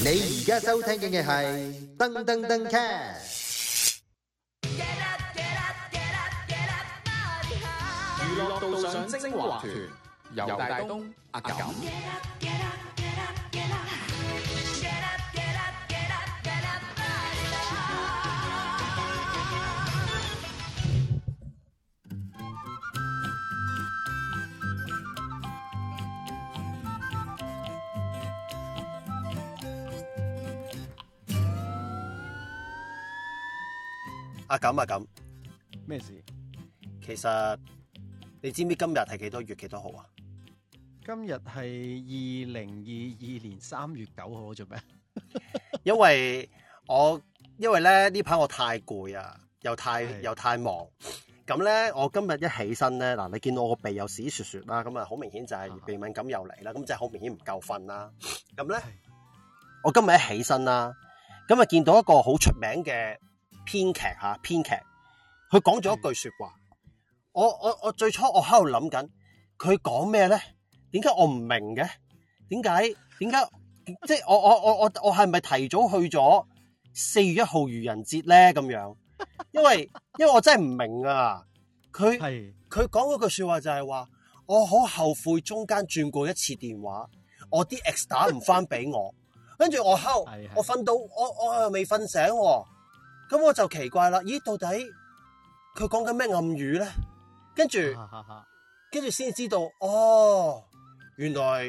你而家收聽緊嘅係《噔噔噔 cast》。娛樂道上精華團，由大東、阿九。咁啊咁，咩事？其實你知唔知今日係幾多月幾多號啊？今日係二零二二年三月九號，做咩？ 因為我因為咧呢排我太攰啊，又太的又太忙。咁咧我今日一起身咧，嗱你見到我個鼻有屎雪雪啦，咁啊好明顯就係鼻敏感又嚟啦。咁的即係好明顯唔夠瞓啦。咁咧的我今日一起身啦，咁啊見到一個好出名嘅。編劇吓，編劇，佢講咗一句說話，是的 我我我最初我喺度諗緊，佢講咩咧？點解我唔明嘅？點解？點解？即係我我我我我係咪提早去咗四月一號愚人節咧？咁樣？因為因為我真係唔明啊！佢佢講嗰句說話就係話，我好後悔中間轉過一次電話，我啲 x 打唔翻俾我，跟住 我後我瞓到我我又未瞓醒啊。咁我就奇怪啦，咦，到底佢講緊咩暗語咧？跟住，跟住先知道，哦，原來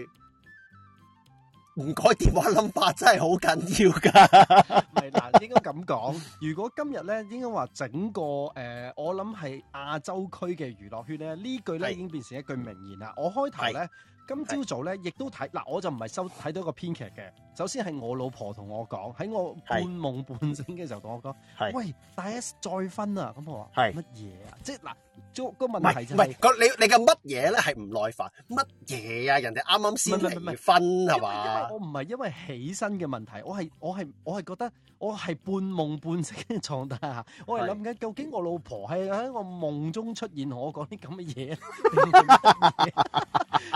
唔改電話諗法真係好緊要噶。唔係，嗱，應該咁講，如果今日咧，應該話整個誒、呃，我諗係亞洲區嘅娛樂圈咧，句呢句咧是已經變成一句名言啦。我開頭咧。今朝早咧，亦都睇嗱，我就唔係收睇到個編劇嘅。首先係我老婆同我講，喺我半夢半醒嘅時候同我講，喂，大 S 再婚啊！咁我話乜嘢啊？即係嗱。那個問題就唔、是、係，你你嘅乜嘢咧係唔耐煩，乜嘢啊？人哋啱啱先離婚係嘛吧？因為我唔係因為起身嘅問題，我係我係我係覺得我係半夢半醒嘅狀態，我係諗緊究竟我老婆係喺我夢中出現，同我講啲咁嘅嘢，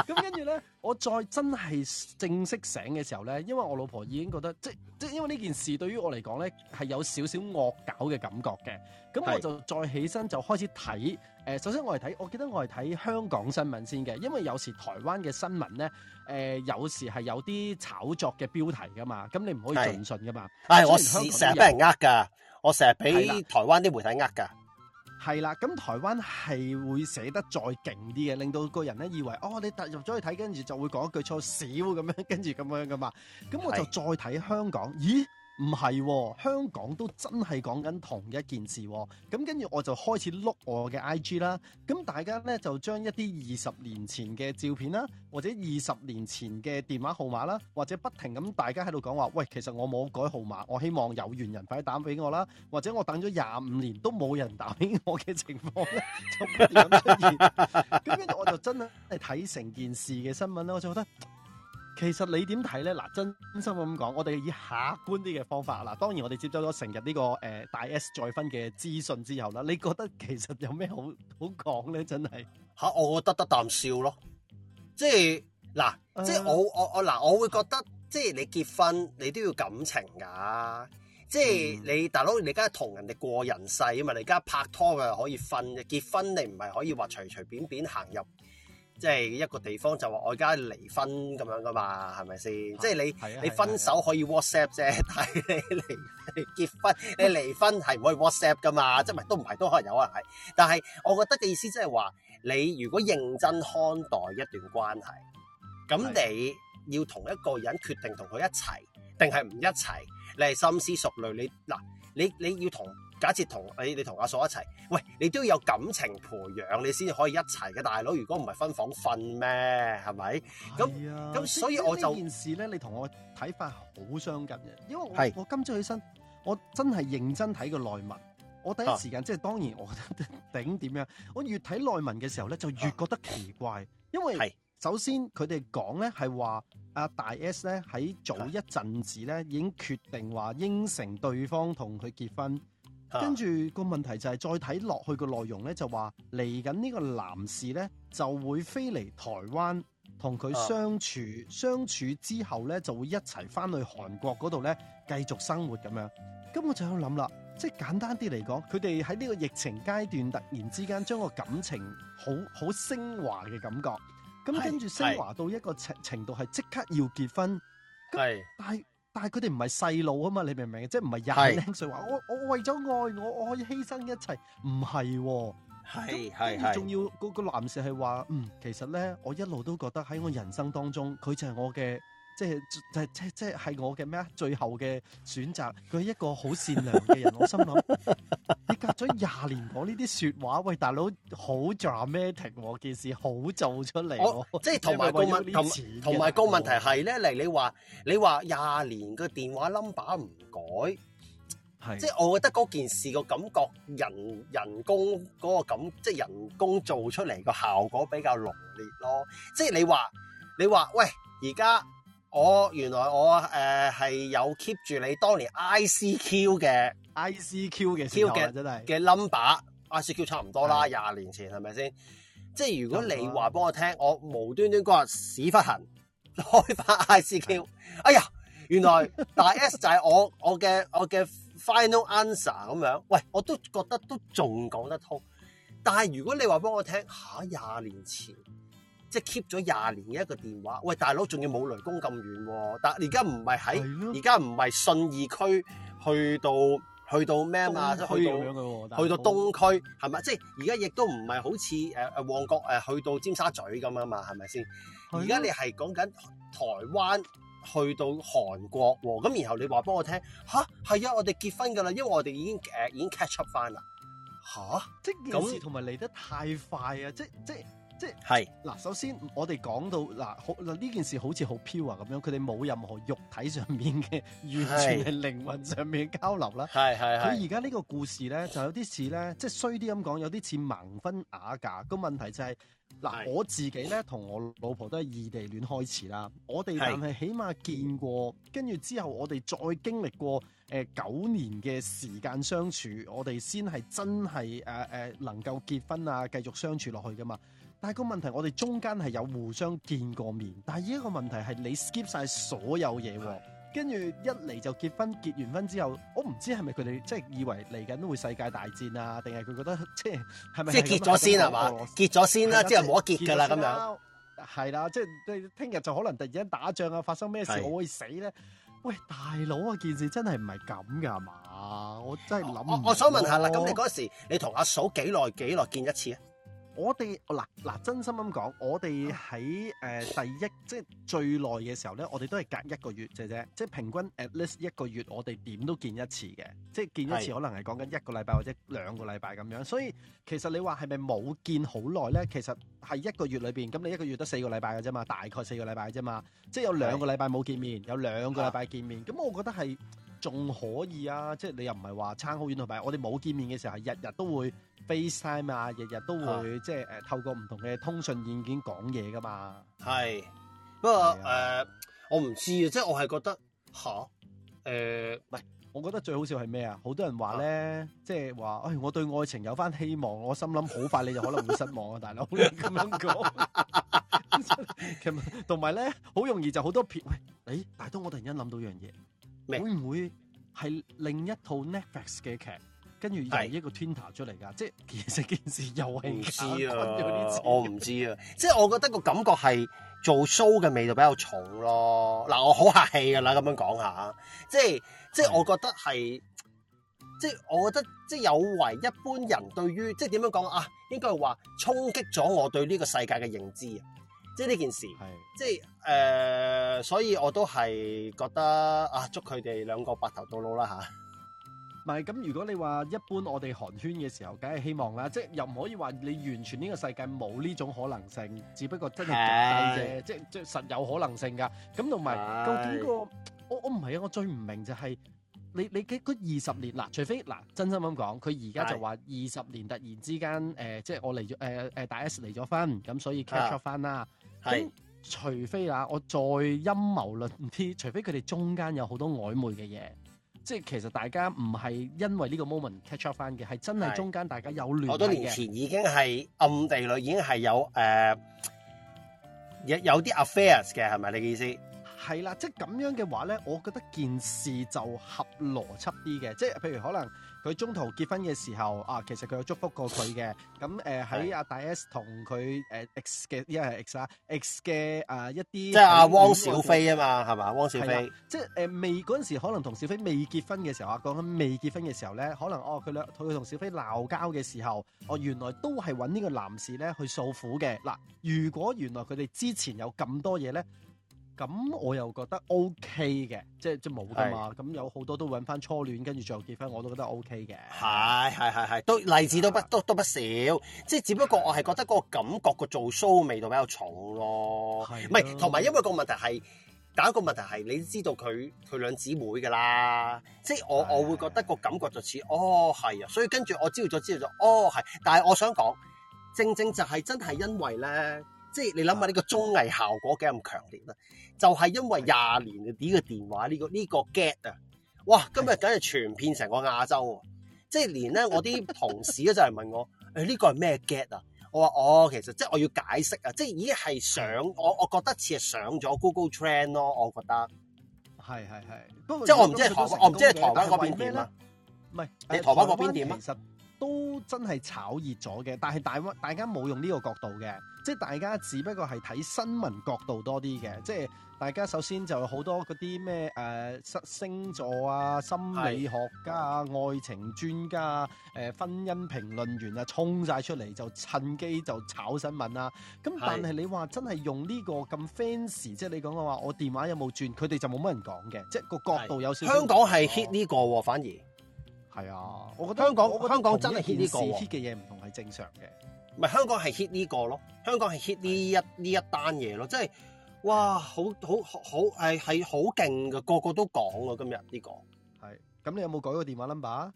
咁跟住咧。 我再真係正式醒嘅時候呢，因為我老婆已經覺得即即因為呢件事對於我嚟講呢，係有少少惡搞嘅感覺嘅，咁我就再起身就開始睇誒、呃。首先我係睇，我記得我係睇香港新聞先嘅，因為有時台灣嘅新聞呢，誒、呃、有時係有啲炒作嘅標題㗎嘛，咁你唔可以盡信㗎嘛。係我成日俾人呃㗎，我成日俾台灣啲媒體呃㗎。係啦，咁台灣係會寫得再勁啲嘅，令到個人咧以為哦，你踏入咗去睇，跟住就會講一句錯少咁樣，跟住咁樣噶嘛。咁我就再睇香港，的咦？唔係喎，香港都真係講緊同一件事喎。咁跟住我就開始碌我嘅 IG 啦。咁大家呢，就將一啲二十年前嘅照片啦，或者二十年前嘅電話號碼啦，或者不停咁大家喺度講話，喂，其實我冇改號碼，我希望有緣人快啲打俾我啦。或者我等咗廿五年都冇人打俾我嘅情況咧，就不斷咁出現。咁跟住我就真係睇成件事嘅新聞咧，我就覺得。其實你點睇咧？嗱，真心咁講，我哋以下觀啲嘅方法，嗱，當然我哋接咗咗成日呢個誒、呃、大 S 再婚嘅資訊之後啦，你覺得其實有咩好好講咧？真係吓、啊，我覺得得啖笑咯。即係嗱，嗯、即係我我我嗱，我會覺得即係你結婚你都要感情噶、啊，即係你大佬，嗯、你而家同人哋過人世啊嘛，你而家拍拖嘅可以分嘅，結婚你唔係可以話隨隨便便行入。即係一個地方就話我而家離婚咁樣噶嘛，係咪先？ 即係你你分手可以 WhatsApp 啫，但係你離結婚你離婚係唔可以 WhatsApp 噶嘛？即係都唔係都可能有可能係，但係我覺得嘅意思即係話你如果認真看待一段關係，咁你要同一個人決定同佢一齊定係唔一齊，你係深思熟慮，你嗱你你要同。假設同你、哎，你同阿嫂一齊，喂，你都要有感情培養，你先可以一齊嘅大佬。如果唔係分房瞓咩？係咪咁咁？ 所以我呢件事咧，你同我睇法好相近嘅，因為我是我今朝起身，我真係認真睇個內文，我第一時間即係當然，我頂 點樣。我越睇內文嘅時候咧，就越覺得奇怪，啊、因為首先佢哋講咧係話阿大 S 咧喺早一陣子咧已經決定話應承對方同佢結婚。跟住個問題就係、是、再睇落去嘅內容呢，就話嚟緊呢個男士呢就會飛嚟台灣，同佢相處，uh, 相處之後呢，就會一齊翻去韓國嗰度呢繼續生活咁樣。咁我就有諗啦，即係簡單啲嚟講，佢哋喺呢個疫情階段突然之間將個感情好好升華嘅感覺，咁跟住升華到一個程程度係即刻要結婚，係，那但係佢哋唔係細路啊嘛，你明唔明？即係唔係廿零歲話我我為咗愛我我可以犧牲一切，唔係、哦，係係係，仲要嗰個男士係話，嗯，其實咧我一路都覺得喺我人生當中佢就係我嘅。即係即係即係即係，係我嘅咩啊？最後嘅選擇，佢係一個好善良嘅人。 我心諗你隔咗廿年講呢啲説話，喂大佬好 dramatic，件事好做出嚟，即係同埋個問同埋個問題係咧嚟，你話你話廿年個電話 number 唔改，係是即係我覺得嗰件事個感覺人人工嗰個感，即係人工做出嚟個效果比較濃烈咯。即係你話你話喂而家。我原來我誒係有 keep 住你當年 ICQ 嘅 ICQ 嘅嘅嘅 number，ICQ 差唔多啦，廿對年前係咪先？即係如果你話俾我聽，我無端端嗰日屎忽痕開翻 ICQ，對哎呀，原來 大 S 就係我我嘅我嘅 final answer 咁樣。喂，我都覺得都仲講得通。但係如果你話俾我聽吓，廿年前。即係 keep 咗廿年嘅一個電話，喂大佬仲要冇雷公咁遠，哦，但而家唔係喺，而家唔係信義區去到去到咩嘛，東區 即係去到去到東區係咪是？即係而家亦都唔係好似誒誒旺角誒、呃、去到尖沙咀咁啊嘛，係咪先？而家的你係講緊台灣去到韓國喎，哦，咁然後你話俾我聽吓。係啊，我哋結婚㗎啦，因為我哋已經誒、呃、已經 catch up 翻啦吓，即係件事同埋嚟得太快啊！即即。即即係嗱是，首先我哋講到嗱，呢件事好似好飄啊，咁樣佢哋冇任何肉體上面嘅，完全係靈魂上面嘅交流啦。係係係。佢而家呢個故事咧，就有啲似咧， 即係衰啲咁講，有啲似盲婚啞嫁。個問題就係、是、嗱，是我自己咧同我老婆都係異地戀開始啦。我哋但係起碼見過，跟住之後我哋再經歷過誒九、呃、年嘅時間相處，我哋先係真係誒誒能夠結婚啊，繼續相處落去噶嘛。但係個問題，我哋中間係有互相見過面，但係依一個問題係你 skip 晒所有嘢，跟住的一嚟就結婚，結完婚之後，我唔知係咪佢哋即係以為嚟緊會世界大戰啊，定係佢覺得即係係咪即係結咗先啊嘛？結咗先啦，即係冇得結噶啦咁樣，係啦，即係聽日就可能突然間打仗啊，發生咩事的我會死咧？喂，大佬啊，件事真係唔係咁噶嘛？我真係諗我，我，我想問下啦，咁你嗰時你同阿嫂幾耐幾耐見一次啊？我哋嗱嗱，真心咁講，我哋喺誒第一即係最耐嘅時候咧，我哋都係隔一個月啫啫，即係平均 at least 一個月我哋點都見一次嘅，即係見一次是可能係講緊一個禮拜或者兩個禮拜咁樣。所以其實你話係咪冇見好耐咧？其實係一個月裏邊，咁你一個月得四個禮拜嘅啫嘛，大概四個禮拜啫嘛，即係有兩個禮拜冇見面，是有兩個禮拜見面，咁、啊、我覺得係。仲可以啊，即係你又唔係話差好遠，同埋我哋冇見面嘅時候，係日日都會 FaceTime 啊，日日都會即係誒透過唔同嘅通訊軟件講嘢噶嘛。係，不過誒我唔知啊，即係我係覺得吓誒，喂，我覺得最好笑係咩啊？好多人話咧，即係話，哎我對愛情有翻希望，我心諗好快你就可能會失望啊，大佬咁樣講，同埋咧好容易就好多撇，喂，誒，大佬我突然間諗到樣嘢。會唔會係另一套 Netflix 嘅劇，跟住又一個 Twitter 出嚟噶？是即係其實件事又係打空咗啲我唔知，啊，知，我知啊，即係我覺得個感覺係做 show 嘅味道比較重咯。嗱，我好客氣噶啦，咁樣講下，即係即係我覺得係，是即係我覺得即係有違一般人對於即係點樣講啊？應該係話衝擊咗我對呢個世界嘅認知。即係呢件事，的即係誒、呃，所以我都係覺得啊，祝佢哋兩個白頭到老啦嚇。唔係咁，如果你話一般我哋寒暄嘅時候，梗係希望啦，即係又唔可以話你完全呢個世界冇呢種可能性，只不過真係極低啫，即係即係實有可能性㗎。咁同埋究竟個我我唔係啊，我最唔明就係、是。你你幾二十年嗱，除非嗱，真心咁講，佢而家就話二十年突然之間誒、呃，即係我嚟咗誒誒大 S 離咗婚，咁所以 catch up 翻啦。咁除非啊，我再陰謀論啲，除非佢哋中間有好多曖昧嘅嘢，即係其實大家唔係因為呢個 moment catch up 翻嘅，係真係中間大家有聯繫。好多年前已經係暗地裏已經係有誒、呃、有有啲 affairs 嘅，係咪你嘅意思？係啦，即係咁樣嘅話咧，我覺得件事就合邏輯啲嘅。即係譬如可能佢中途結婚嘅時候啊，其實佢有祝福過佢嘅。咁誒喺阿大 S 同佢誒 X 嘅呢個係 X 啦、呃、，X 嘅誒、呃、一啲即係、啊、阿汪小菲啊嘛、嗯，係嘛汪小菲。即係誒未嗰陣時，可能同小菲未結婚嘅時候啊，講緊未結婚嘅時候咧，可能哦佢倆佢同小菲鬧交嘅時候，哦原來都係揾呢個男士咧去訴苦嘅。嗱，如果原來佢哋之前有咁多嘢咧。咁我又覺得 OK 嘅，即即冇噶嘛，咁是有好多都揾翻初戀，跟住再結婚，我都覺得 OK 嘅。係係係係，都例子都不都都不少，即的只不過我係覺得嗰個感覺個做 show 味道比較重咯。係的，唔係同埋因為個問題係第一個問題係你知道佢佢兩姊妹噶啦，即我的我會覺得個感覺就似哦係啊，所以跟住我知道咗知道咗哦係，但係我想講正正，正正就係真係因為咧。即係你諗下呢個綜藝效果幾咁強烈啦，啊、就係因為廿年呢個電話呢、這個呢、這個 get 啊，哇！今日梗係傳遍成個亞洲，的即係連咧我啲同事咧就嚟問我：誒呢、 哎這個係咩 get 啊？我話哦，其實即係我要解釋啊，即係已經係上我我覺得似係上咗 Google Trend 咯，我覺得係係係，即係我唔知台的我唔知係台灣嗰邊點啊？唔係你台灣嗰邊點啊？其實都真係炒熱咗嘅，但係大家大家冇用呢個角度嘅，即係大家只不過係睇新聞角度多啲嘅，嗯、即係大家首先就好多嗰啲咩誒星座啊、心理學家啊、是愛情專家啊、誒、呃、婚姻評論員啊，衝晒出嚟就趁機就炒新聞啦、啊。咁但係你話真係用呢個咁 fancy 是即係你講嘅話，我電話有冇轉，佢哋就冇乜人講嘅，是即係個角度有少少。香港係 hit 呢個喎、啊，反而。係啊，我覺得香港香港真係 hit 呢個喎。hit 嘅嘢唔同係正常嘅，唔係香港係 hit 呢個咯，香港係 hit 呢一呢一單嘢咯，即係哇好好好，係係好勁㗎，個個都講啊今日呢個。係，咁你有冇改個電話 number？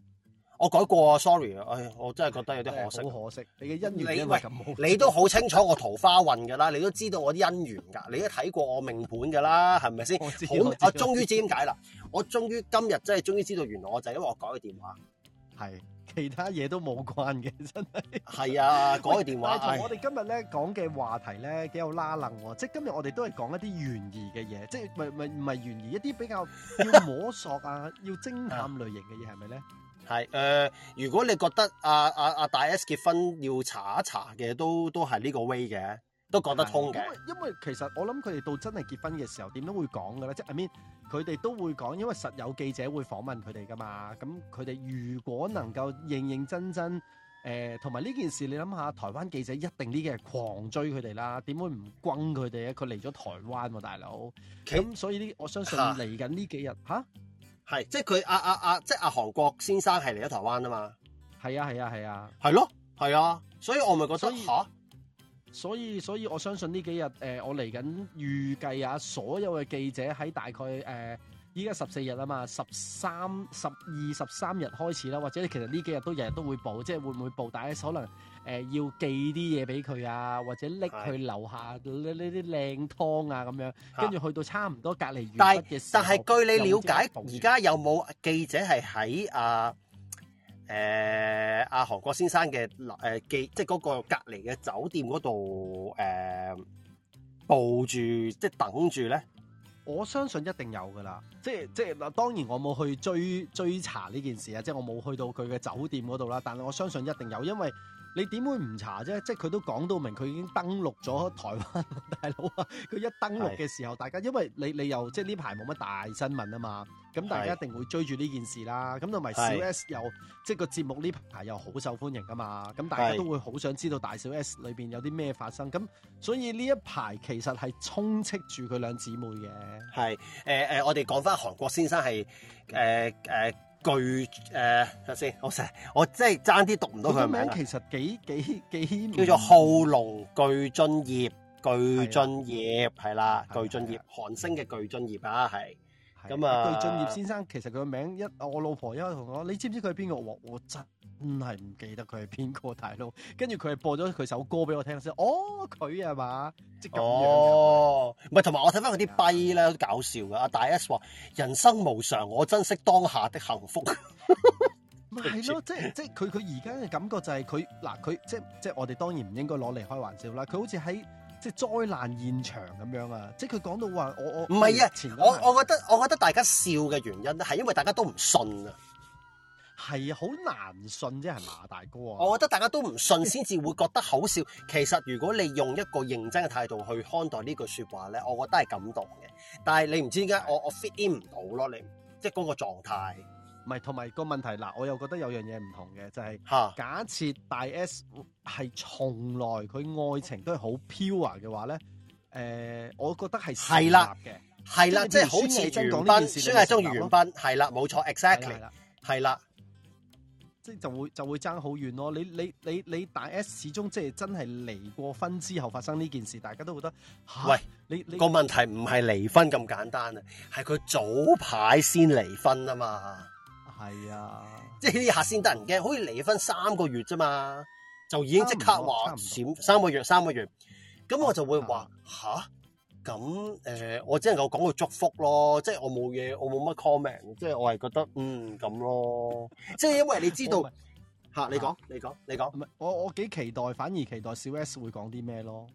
我改過啊，sorry，唉，我真係覺得有啲可惜，欸、可惜。你嘅姻緣點解咁好你？你都好清楚我桃花運噶啦，你都知道我啲姻緣噶，你都睇過我命盤噶啦，係咪先？好，我知。我終於知點解啦！我終於今日真係終於知道，原來我就係、是、因為我改個電話，係 其他嘢都冇關嘅，真係。係 啊，改個電話。同我哋今日咧講嘅話題咧幾有拉楞喎，即係今日我哋都係講一啲懸疑嘅嘢，即係唔唔唔係懸疑，一啲比較要摸索啊，要偵探類型嘅嘢係咪咧？ 係，誒、呃，如果你覺得阿阿阿大 S 結婚要查一查嘅，都都係呢個 way 嘅，都講得通嘅、嗯。因為其實我諗佢哋到真係結婚嘅時候點都會講㗎喇，即係 I mean 佢哋都會講，因為實有記者會訪問佢哋噶嘛。咁佢哋如果能夠認認真真，誒、嗯，同埋呢件事你諗下，台灣記者一定呢幾日狂追佢哋啦，點會唔轟佢哋咧？佢嚟咗台灣喎、啊，大佬。咁其所以呢，我相信嚟緊呢幾日嚇。啊啊係，即係佢阿阿阿，即係阿韓國先生係嚟咗台灣啊嘛，係啊係啊係啊，係、啊啊、咯，係啊，所以我咪覺得嚇，所以所以我相信呢幾日誒、呃，我嚟緊預計啊，所有嘅記者喺大概誒依家十四日啊嘛，十三十二十三日開始啦，或者其實呢幾日都日日都會報，即係會唔會報大家，可能。誒、呃、要寄啲嘢俾佢啊，或者拎佢樓下呢呢啲靚湯啊，咁樣跟住去到差唔多隔離完嘅時候，但係據你了解，而家有冇記者係喺阿誒阿韓國先生嘅誒、啊、記，即係嗰個隔離嘅酒店嗰度誒佈住，即係等住咧？我相信一定有噶啦，即係即係嗱，當然我冇去追追查呢件事啊，即係我冇去到佢嘅酒店嗰度啦，但係我相信一定有，因為。你點會唔查啫？即係佢都講到明，佢已經登陸咗台灣，嗯、 大佬啊！佢一登陸嘅時候，是大家因為你你又即係呢排冇乜大新聞啊嘛，咁大家一定會追住呢件事啦。咁同埋小 S 又是即係個節目呢排又好受歡迎噶嘛，咁大家都會好想知道大小 S 裏邊有啲咩發生。咁所以呢一排其實係充斥住佢兩姊妹嘅。係誒誒，我哋講翻韓國先生係誒誒。呃呃巨誒，睇、呃、先，我成，我真係爭啲讀唔到佢個名。名其實幾幾幾叫做浩龍具俊曄，具俊曄係啦，的具俊曄的韓星嘅具俊曄啊，係。咁啊，具俊曄先生其實佢個名一，我老婆一開始同我，你知唔知佢係邊個？我我真。唔係唔記得佢係邊個大佬，跟住佢係播咗佢首歌俾我聽先。哦，佢啊嘛，即係咁樣。哦，唔係同埋我睇翻嗰啲碑咧，的都搞笑嘅。阿大 S 話：人生無常，我珍惜當下的幸福。咪係咯，即係即係佢佢而家嘅感覺就係佢嗱佢即即我哋當然唔應該攞嚟開玩笑啦。佢好似喺即災難現場咁樣、就是、啊！即佢講到話我我唔係啊，我我覺得我覺得大家笑嘅原因咧，係因為大家都唔信啊。係啊，好難信啫，係嘛，大哥啊！我覺得大家都唔信，先至會覺得好笑。其實如果你用一個認真嘅態度去看待呢句說話咧，我覺得係感動嘅。但係你唔知點解我我 fit in 唔到咯？你即係嗰個狀態。唔係，同埋個問題嗱，我又覺得有樣嘢唔同嘅，就係假設大 S 係從來佢愛情都係好 pure 嘅話咧，誒，我覺得係係啦嘅，係啦，即係好似袁彬，算係中意袁彬，係啦，冇錯，exactly，係啦。即係就會就會爭好遠咯，你你你你大 S 始終即係真係離過婚之後發生呢件事，大家都覺得，喂，你，你個問題唔係離婚咁簡單啊，係佢早排先離婚啊嘛，係啊，即係呢下先得人驚，好似離婚三個月咋嘛，就已經即刻話閃三個月三個月，咁我就會話吓。哦嗯咁誒，我只能夠講個祝福咯，即係我冇嘢，我冇乜 comment，即係我係覺得嗯咁咯，即係因為你知道吓，你講你講你講，我我幾期待，反而期待小 S 會講啲咩咯？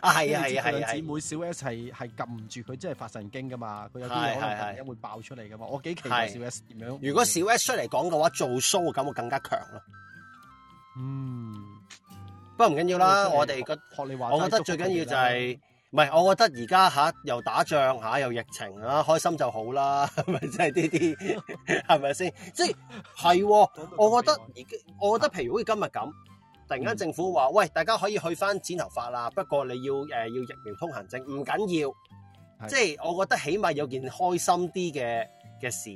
啊，係啊係啊係啊！姊妹小 S 係係撳唔住佢，即係發神經噶嘛，佢有啲嘢可能突然間會爆出嚟噶嘛，我幾期待小 S 點樣？如果小 S 出嚟講嘅話，做 show 嘅感覺更加強咯。嗯，不過唔緊要啦，我哋個學你話，我覺得最緊要就係。唔係、嗯，我覺得而家嚇又打仗嚇又疫情啊，開心就好啦，咪即係呢啲係咪先？即係係我覺得我覺得譬如好似今日咁，突然間政府話喂，大家可以去翻剪頭髮啦，不過你要誒、呃、要疫苗通行證，唔緊要，即係的我覺得起碼有件開心啲嘅嘅事，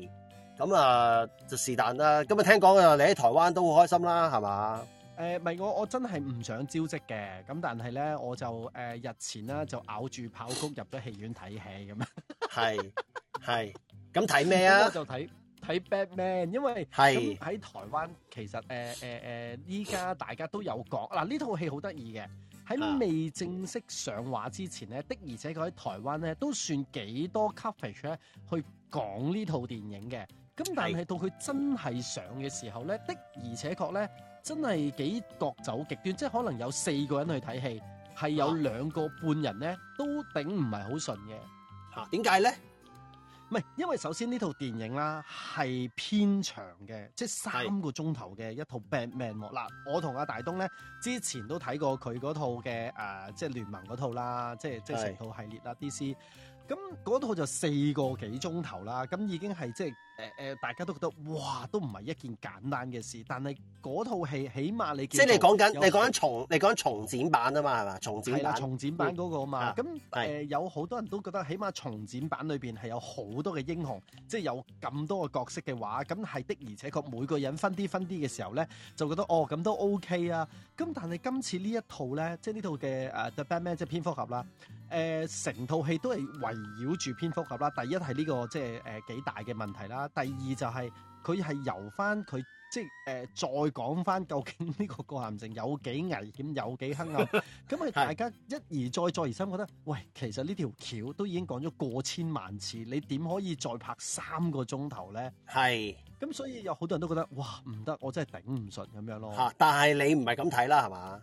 咁啊就是但啦。今日聽講啊，你喺台灣都好開心啦，係嘛？誒，唔係、呃、我，我真係唔想招積嘅。咁但係咧，我就誒、呃、日前啦，就咬住爆谷入咗戲院睇戲咁樣。係係， 咁睇咩啊？呢就睇睇 Batman，因為係喺是台灣其實誒誒誒，依、呃、家、呃、大家都有講嗱，呢套戲好得意嘅。喺未正式上畫之前咧，的而且確喺台灣咧都算幾多 coverage 咧去講呢套電影嘅。咁但係到佢真係上嘅時候咧，是的而且確咧。真係幾各走極端，即係可能有四個人去睇戲，係有兩個半人咧都頂唔係好順嘅。嚇、啊，點解咧？唔係因為首先呢套電影啦係偏長嘅，即係三個鐘頭嘅一套 Batman 是。嗱，我同阿大東咧之前都睇過佢嗰套嘅誒、呃，即係聯盟嗰套啦，即係即係成套系列啦，DC。咁嗰套就四個幾鐘頭啦，咁已經係即係誒誒，大家都覺得哇，都唔係一件簡單嘅事。但係嗰套戲起碼你即係你講緊，你講緊重，你講緊重剪版啊嘛，係嘛，重剪版，重剪版嗰個啊嘛。咁誒有好多人都覺得起碼重剪版裏邊係有好多嘅英雄，即係有咁多嘅角色嘅話，咁係的而且確每個人分啲分啲嘅時候咧，就覺得哦，咁都 OK 啊。咁但係今次呢一套咧，即係呢套嘅誒 The Batman 即係蝙蝠俠啦。誒成、呃、套戲都係圍繞住蝙蝠俠啦，第一係呢、呢個即係誒、呃、幾大嘅問題啦，第二就係佢係由翻佢即係誒、呃、再講翻究竟呢個高譚市有幾危險，有幾黑暗，咁啊 大家一而再再而三覺得， 喂，其實呢條橋都已經講咗過千萬次，你點可以再拍三個鐘頭咧？係是。咁所以有好多人都覺得，哇，唔得，我真係頂唔順咁樣咯 樣。嚇！但係你唔係咁睇啦，係嘛？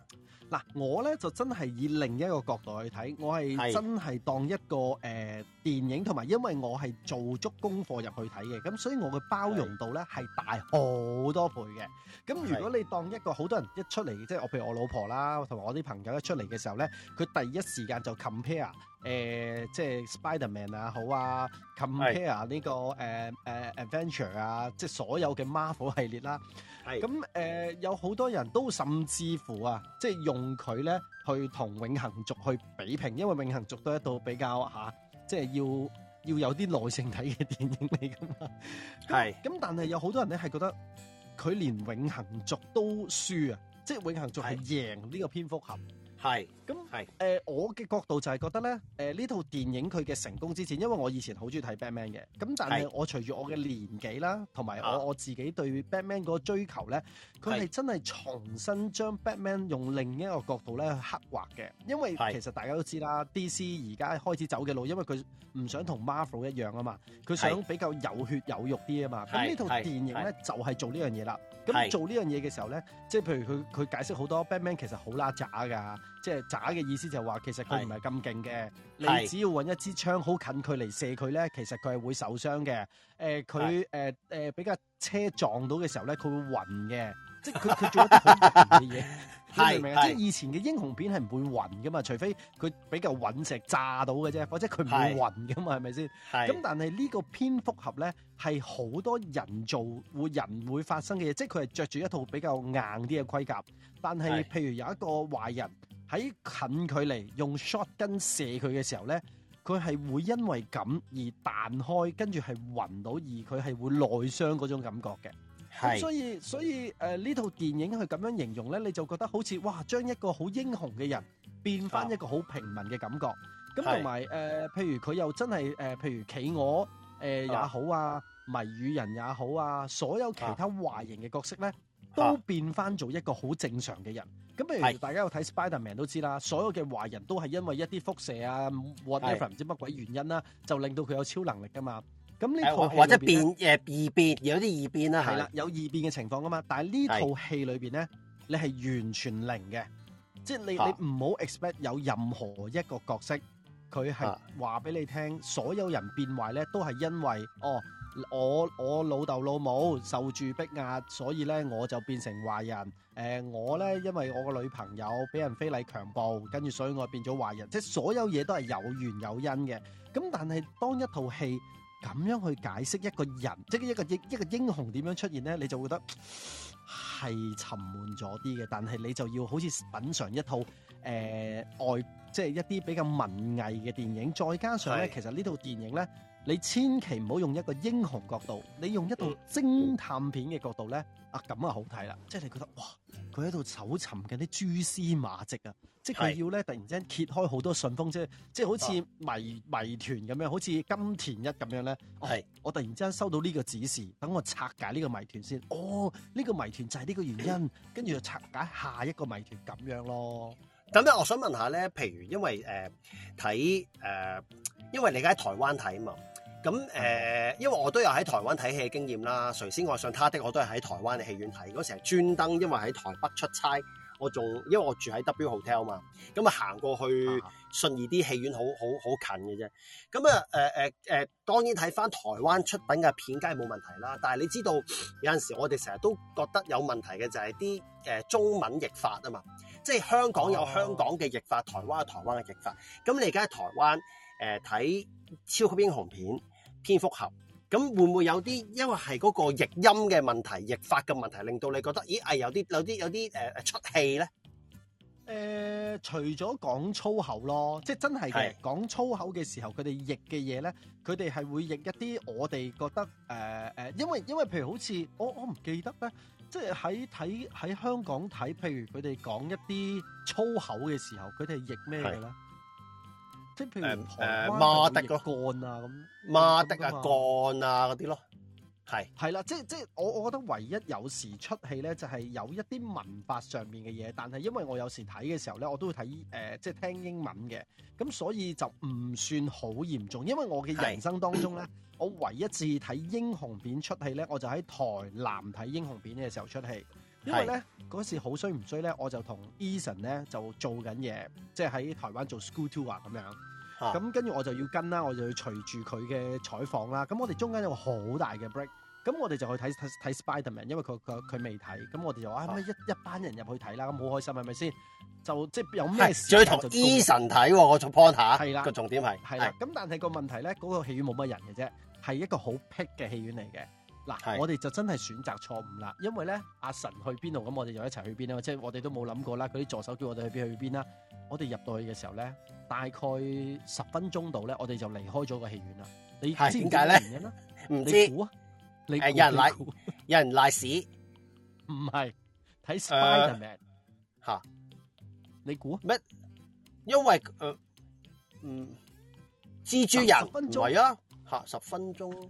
嗱，我咧就真係以另一個角度去睇，我係真係當一個誒、呃、電影，同埋因為我係做足功課入去睇嘅，咁所以我嘅包容度咧係的大好多倍嘅。咁如果你當一個好多人一出嚟，即係我譬如我老婆啦，同埋我啲朋友一出嚟嘅時候咧，佢第一時間就 compare。誒、呃，即係 Spider-Man 啊，好啊，Compare 呢是、呢個誒誒、呃呃、Adventure 啊，即係所有嘅 Marvel 系列啦。係咁誒，有好多人都甚至乎啊，即係用佢咧去同《永恒族》去比拼，因為《永恒族》都一度比較嚇，即係要要有啲耐性睇嘅電影嚟㗎嘛。係。咁但係有好多人咧係覺得佢連《永恒族》都輸啊，即係《 那是永恒族》係贏呢個蝙蝠俠。係是。係誒是、呃，我嘅角度就係覺得咧，誒呢套電影佢嘅成功之戰，因為我以前好鍾意睇 Batman 嘅。咁但係我隨住我嘅年紀啦，同埋我、啊、我自己對 Batman 嗰個追求咧，佢係真係重新將 Batman 用另一個角度咧去刻畫嘅。因為是其實大家都知啦，DC 而家開始走嘅路，因為佢唔想同 Marvel 一樣啊嘛，佢想比較有血有肉啲啊嘛。咁呢套電影咧是就係做呢樣嘢啦。咁做呢樣嘢嘅時候咧，即係譬如佢佢解釋好多 Batman 其實好拉渣㗎。即係渣嘅意思就係話，其實佢唔係咁勁嘅。是你只要揾一支槍，好近距離射佢咧，其實佢係會受傷嘅。誒、呃，佢誒誒比較車撞到嘅時候咧，佢會暈嘅。即係佢佢做咗好唔同嘅嘢， 是你明唔明？是即係以前嘅英雄片係唔會暈噶嘛，除非佢比較隕石炸到嘅啫，或者佢唔會暈噶嘛，係咪先？咁是是但係呢個蝙蝠俠咧，係好多人做會人會發生嘅嘢，即係佢係着住一套比較硬啲嘅盔甲，但係是譬如有一個壞人。喺近距離用 shotgun 射佢嘅時候咧，佢係會因為咁而彈開，跟住係暈倒，而佢係會內傷嗰種感覺嘅。係是，所以所以誒呢套電影佢咁樣形容咧，你就覺得好似哇，將一個好英雄嘅人變返一個好平民嘅感覺。咁同埋誒，譬如佢又真係誒、呃，譬如企鵝誒、呃啊、也好啊，謎語人也好啊，所有其他華人嘅角色咧。都變翻做一個好正常嘅人，咁譬如大家有睇 Spider Man 都知啦，所有嘅壞人都係因為一啲輻射啊，whatever 唔知乜鬼原因啦，就令到佢有超能力噶嘛。咁呢套戲或者變誒異變，有啲異變啦，係啦，有異變嘅情況噶嘛。但係呢套戲裏邊咧，你係完全零嘅，即係你你唔好 expect 有任何一個角色佢係話俾你聽，所有人變壞咧都係因為哦。我我老豆老母受住逼壓，所以咧我就變成壞人。誒、呃，我咧因為我個女朋友俾人非禮強暴，跟住所以我變咗壞人。即係所有嘢都係有緣有因嘅。咁但係當一套戲咁樣去解釋一個人，即係一個一個英雄點樣出現咧，你就會覺得係沉悶咗啲嘅。但係你就要好似品嘗一套誒、呃、外，即、就、係、是、一啲比較文藝嘅電影。再加上咧，是其實呢套電影咧。你千祈唔好用一個英雄角度，你用一套偵探片嘅角度咧，啊咁啊好睇啦！即係你覺得哇，佢喺度搜尋緊啲蛛絲馬跡啊，即係佢要咧突然之間揭開好多信封，即係即係好似謎謎團咁樣，好似金田一咁樣咧。係、哦，是我突然之間收到呢個指示，等我拆解呢個謎團先。哦，呢、呢個謎團就係呢個原因，跟住是就拆解下一個謎團咁樣咯。咁咧，我想問下咧，譬如因為誒睇誒，因為你而家喺台灣睇啊嘛。咁誒、呃，因為我都有喺台灣睇戲嘅經驗啦。誰先愛上他的我都係喺台灣嘅戲院睇。嗰時係專登，因為喺台北出差，我仲因為我住喺 W Hotel 嘛，咁啊行過去、啊、順義啲戲院好好好近嘅啫。咁啊誒誒誒，當然睇翻台灣出品嘅片梗係冇問題啦。但係你知道有陣時我哋成日都覺得有問題嘅就係啲誒中文譯法啊嘛，即係香港有香港嘅譯法，啊、台灣有台灣嘅譯法。咁你而家喺台灣誒睇、呃、超級英雄片？蝙蝠俠，咁會唔會有啲，因為係嗰個譯音嘅問題、譯法嘅問題，令到你覺得，咦，誒，有啲有啲有啲誒誒出戲咧？誒，除咗講粗口咯，即係真係嘅講粗口嘅時候，佢哋譯嘅嘢咧，佢哋係會譯一啲我哋覺得誒誒，因為因為譬如好似我我唔記得咧，即係喺睇喺香港睇，譬如佢哋講一啲粗口嘅時候，佢哋譯咩嘅咧？即譬如誒誒馬的幹啊咁、嗯呃，馬的，馬的啊幹啊嗰啲咯，係係啦，即即我我覺得唯一有時出戲咧，就係、是、有一啲文法上面嘅嘢，但係因為我有時睇嘅時候咧，我都會睇誒即係聽英文嘅，咁所以就唔算好嚴重。因為我嘅人生當中咧，是 我唯一次睇英雄片出戲咧，我就喺台南睇英雄片嘅時候出戲。因為咧嗰時好衰唔衰咧，我就同 Eason 咧就做緊嘢，即係喺台灣做 school tour 咁樣。咁跟住我就要跟啦，我就要隨住佢嘅採訪啦。咁我哋中間有個好大嘅 break，咁我哋就去睇睇 Spiderman，因為佢佢佢未睇，咁我哋就話啊一一班人入去睇啦，咁好開心係咪先？就即係有咩？最同 Eason 睇喎，我做 point 下。係啦。個重點係。係。咁但係個問題咧，嗰個戲院冇乜人嘅啫，係一個好僻嘅戲院嚟嘅。嗱，啦是我哋就真係選擇錯誤啦，因為咧阿神去邊度，咁我哋就一齊去邊啦，即係我哋都冇諗過啦，佢啲助手叫我哋去邊去邊啦，我哋入到去嘅時候咧，大概十分鐘度咧，我哋就離開咗個戲院啦。是你知點解咧？原因啦，唔知。你有人賴，有人賴屎，唔係睇 Spiderman 吓？呃、你估咩？因為誒，嗯、呃，蜘蛛人，唔係啊，吓，十分鐘。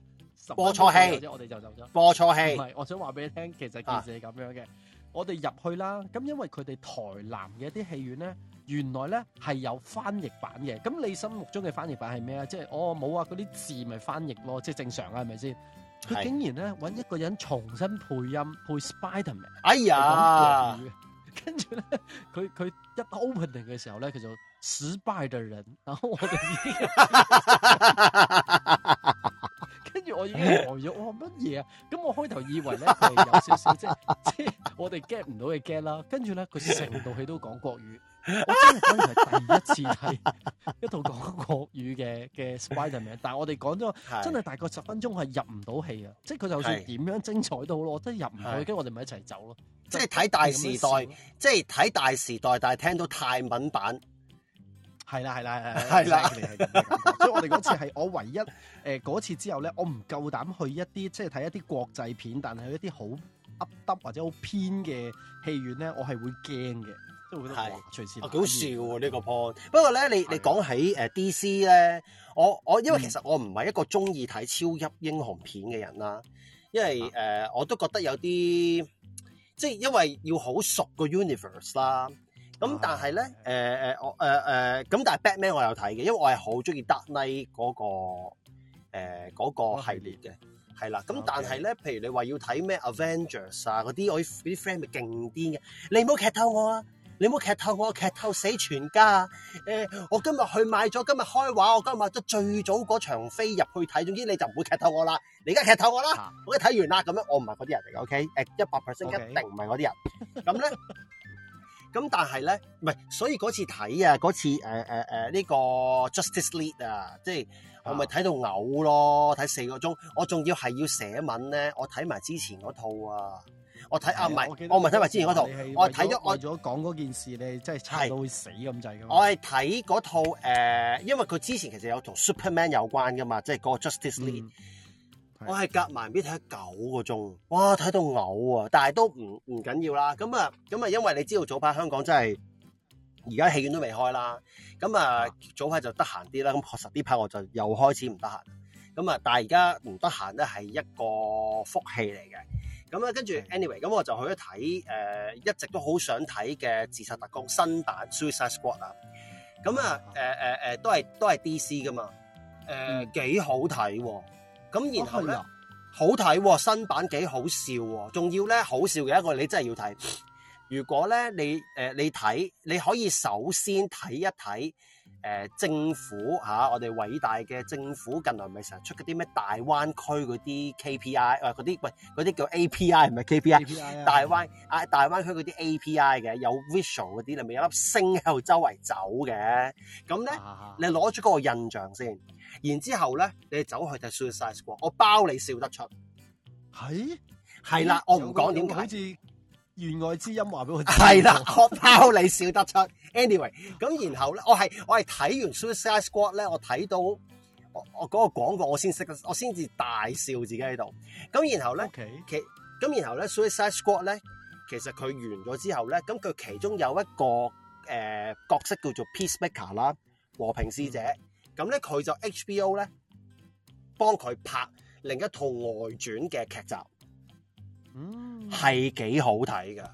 播錯戲，或者我哋就走咗。播錯戲，唔係，我想話俾你聽，其實其實係咁樣嘅。啊、我哋入去啦，咁因為佢哋台南嘅一啲戲院咧，原來咧係有翻譯版嘅。咁你心目中嘅翻譯版係咩？哦、啊？即係哦冇啊，嗰啲字咪翻譯咯，即係正常啊，係咪先？佢竟然咧搵一個人重新配音配 Spiderman，哎呀，跟住咧佢佢一 opening 嘅時候咧，佢就失敗的人，然後我的天！ 我已經呆咗、 就是，我乜嘢啊？咁我開頭以為咧係有少少即即我哋 get 唔到嘅 get 啦，跟住咧佢成套戲都講國語，我真係可能係第一次睇一套講國語嘅嘅 Spiderman，但係我哋講咗真係大概十分鐘係入唔到戲啊！即係佢就算似點樣精彩都好咯，的我真係入唔到，跟住我哋咪一齊走咯。即係睇大時代，即係睇大時代，但係聽到泰文版。係啦，係啦，係啦，係啦。 所以，我哋嗰次係我唯一誒嗰、呃、次之後咧，我唔夠膽去一啲即係睇一啲國際片，但係一啲好噏耷或者好偏嘅戲院咧，我係會驚嘅，即係會覺得哇，隨時幾、哦、好笑喎呢個 point。嗯、不過咧，你你講起誒 DC 咧，我我因為其實我唔係一個鍾意睇超級英雄片嘅人啦，因為誒、呃、我都覺得有啲即係因為要好熟個 universe 啦。咁、嗯、但係咧，誒誒我誒誒，咁、呃呃呃、但係 Batman 我有睇嘅，因為我係好中意 Dark Knight 嗰個誒嗰個系列嘅，係啦 Okay.、嗯。咁但係咧，譬如你話要睇咩 Avengers 啊嗰啲，我啲 friend 咪勁啲嘅。你唔好劇透我啊！你唔好劇透我、啊、劇透我，劇透死全家。誒、呃，我今日去買咗，今日開畫，我今日買咗最早嗰場飛入去睇，總之你就唔會劇透我啦。你而家劇透我啦，啊、我一睇完啦，咁樣我唔係嗰啲人嚟嘅，OK？誒，一百 percent 一定唔係嗰啲人。咁咧。咁但係咧，唔係，所以嗰次睇啊，嗰次誒誒誒呢個 Justice League 啊，即係我咪睇到嘔咯，睇、啊、四個鐘，我仲要係要寫文咧，我睇埋之前嗰套啊，我睇的啊唔係，我唔係睇埋之前嗰套，我睇咗我講嗰件事咧，真係差到會死咁滯嘅。我係睇嗰套誒，因為佢之前其實有同 Superman 有關嘅嘛，即係個 Justice League、嗯。我係隔埋邊睇九個鐘，哇睇到嘔啊！但係都唔唔緊要啦。咁啊咁啊，因為你知道早排香港真係而家戲院都未開啦。咁啊早排就得閒啲啦。咁確實呢排我就又開始唔得閒。咁啊，但係而家唔得閒咧係一個福氣嚟嘅。咁咧跟住 anyway，咁我就去咗睇誒，一直都好想睇嘅自殺特工新版 Suicide Squad、呃呃呃呃嗯、啊。咁啊誒誒誒，都係都係 D C 噶嘛。誒幾好睇。咁然後呢，哦啊、好睇喎、哦，新版幾好笑喎、哦，仲要呢好笑嘅一個，你真係要睇。如果呢，你、呃、你睇，你可以首先睇一睇。誒、呃、政府嚇、啊，我哋偉大嘅政府近來咪成日出嗰啲咩大灣區嗰啲 KPI，誒嗰啲喂啲叫 API 唔係 KPI？大灣啊，啊，大灣區嗰啲 API 嘅有 visual 嗰啲，係咪有粒星喺度周圍走嘅？咁咧、啊、你攞住嗰個印象先，然之後咧你走去就 Suicide Squad，我包你笑得出。係係啦，我唔講點解。弦外之音話俾我知係啦，我包你笑得出。Anyway，咁然後咧，我係我係睇完 Suicide Squad 咧，我睇到我我個廣告，我先識，我先至、那個、大笑自己喺度。咁然後咧，Okay. 其咁然後咧 Suicide Squad 咧，其實佢完咗之後咧，咁佢其中有一個誒、呃、角色叫做 Peace Maker 啦，和平使者。咁咧佢就 HBO 咧幫佢拍另一套外傳嘅劇集。嗯，係幾好睇噶，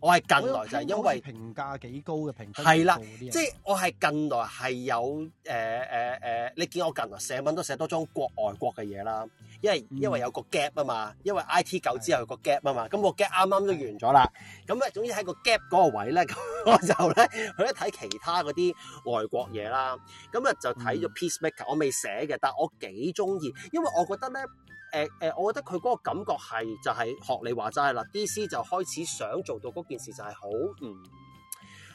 我係近來就係因為評價幾高嘅評價，係啦，即係我係近來係有誒誒誒，你見我近來寫文都寫多張國外國嘅嘢啦，因為因為有個 gap 啊嘛，因為 I T 九之後有個 gap 啊嘛，咁個 gap 啱啱都完咗啦，咁咧，總之喺個 gap 嗰個位咧，我就咧去咧睇其他嗰啲外國嘢啦，咁啊就睇咗 Peacemaker，我未寫嘅，但我幾中意，因為我覺得咧。誒誒、呃，我覺得佢嗰個感覺係就係、是、學你話齋啦，DC 就開始想做到嗰件事就係好唔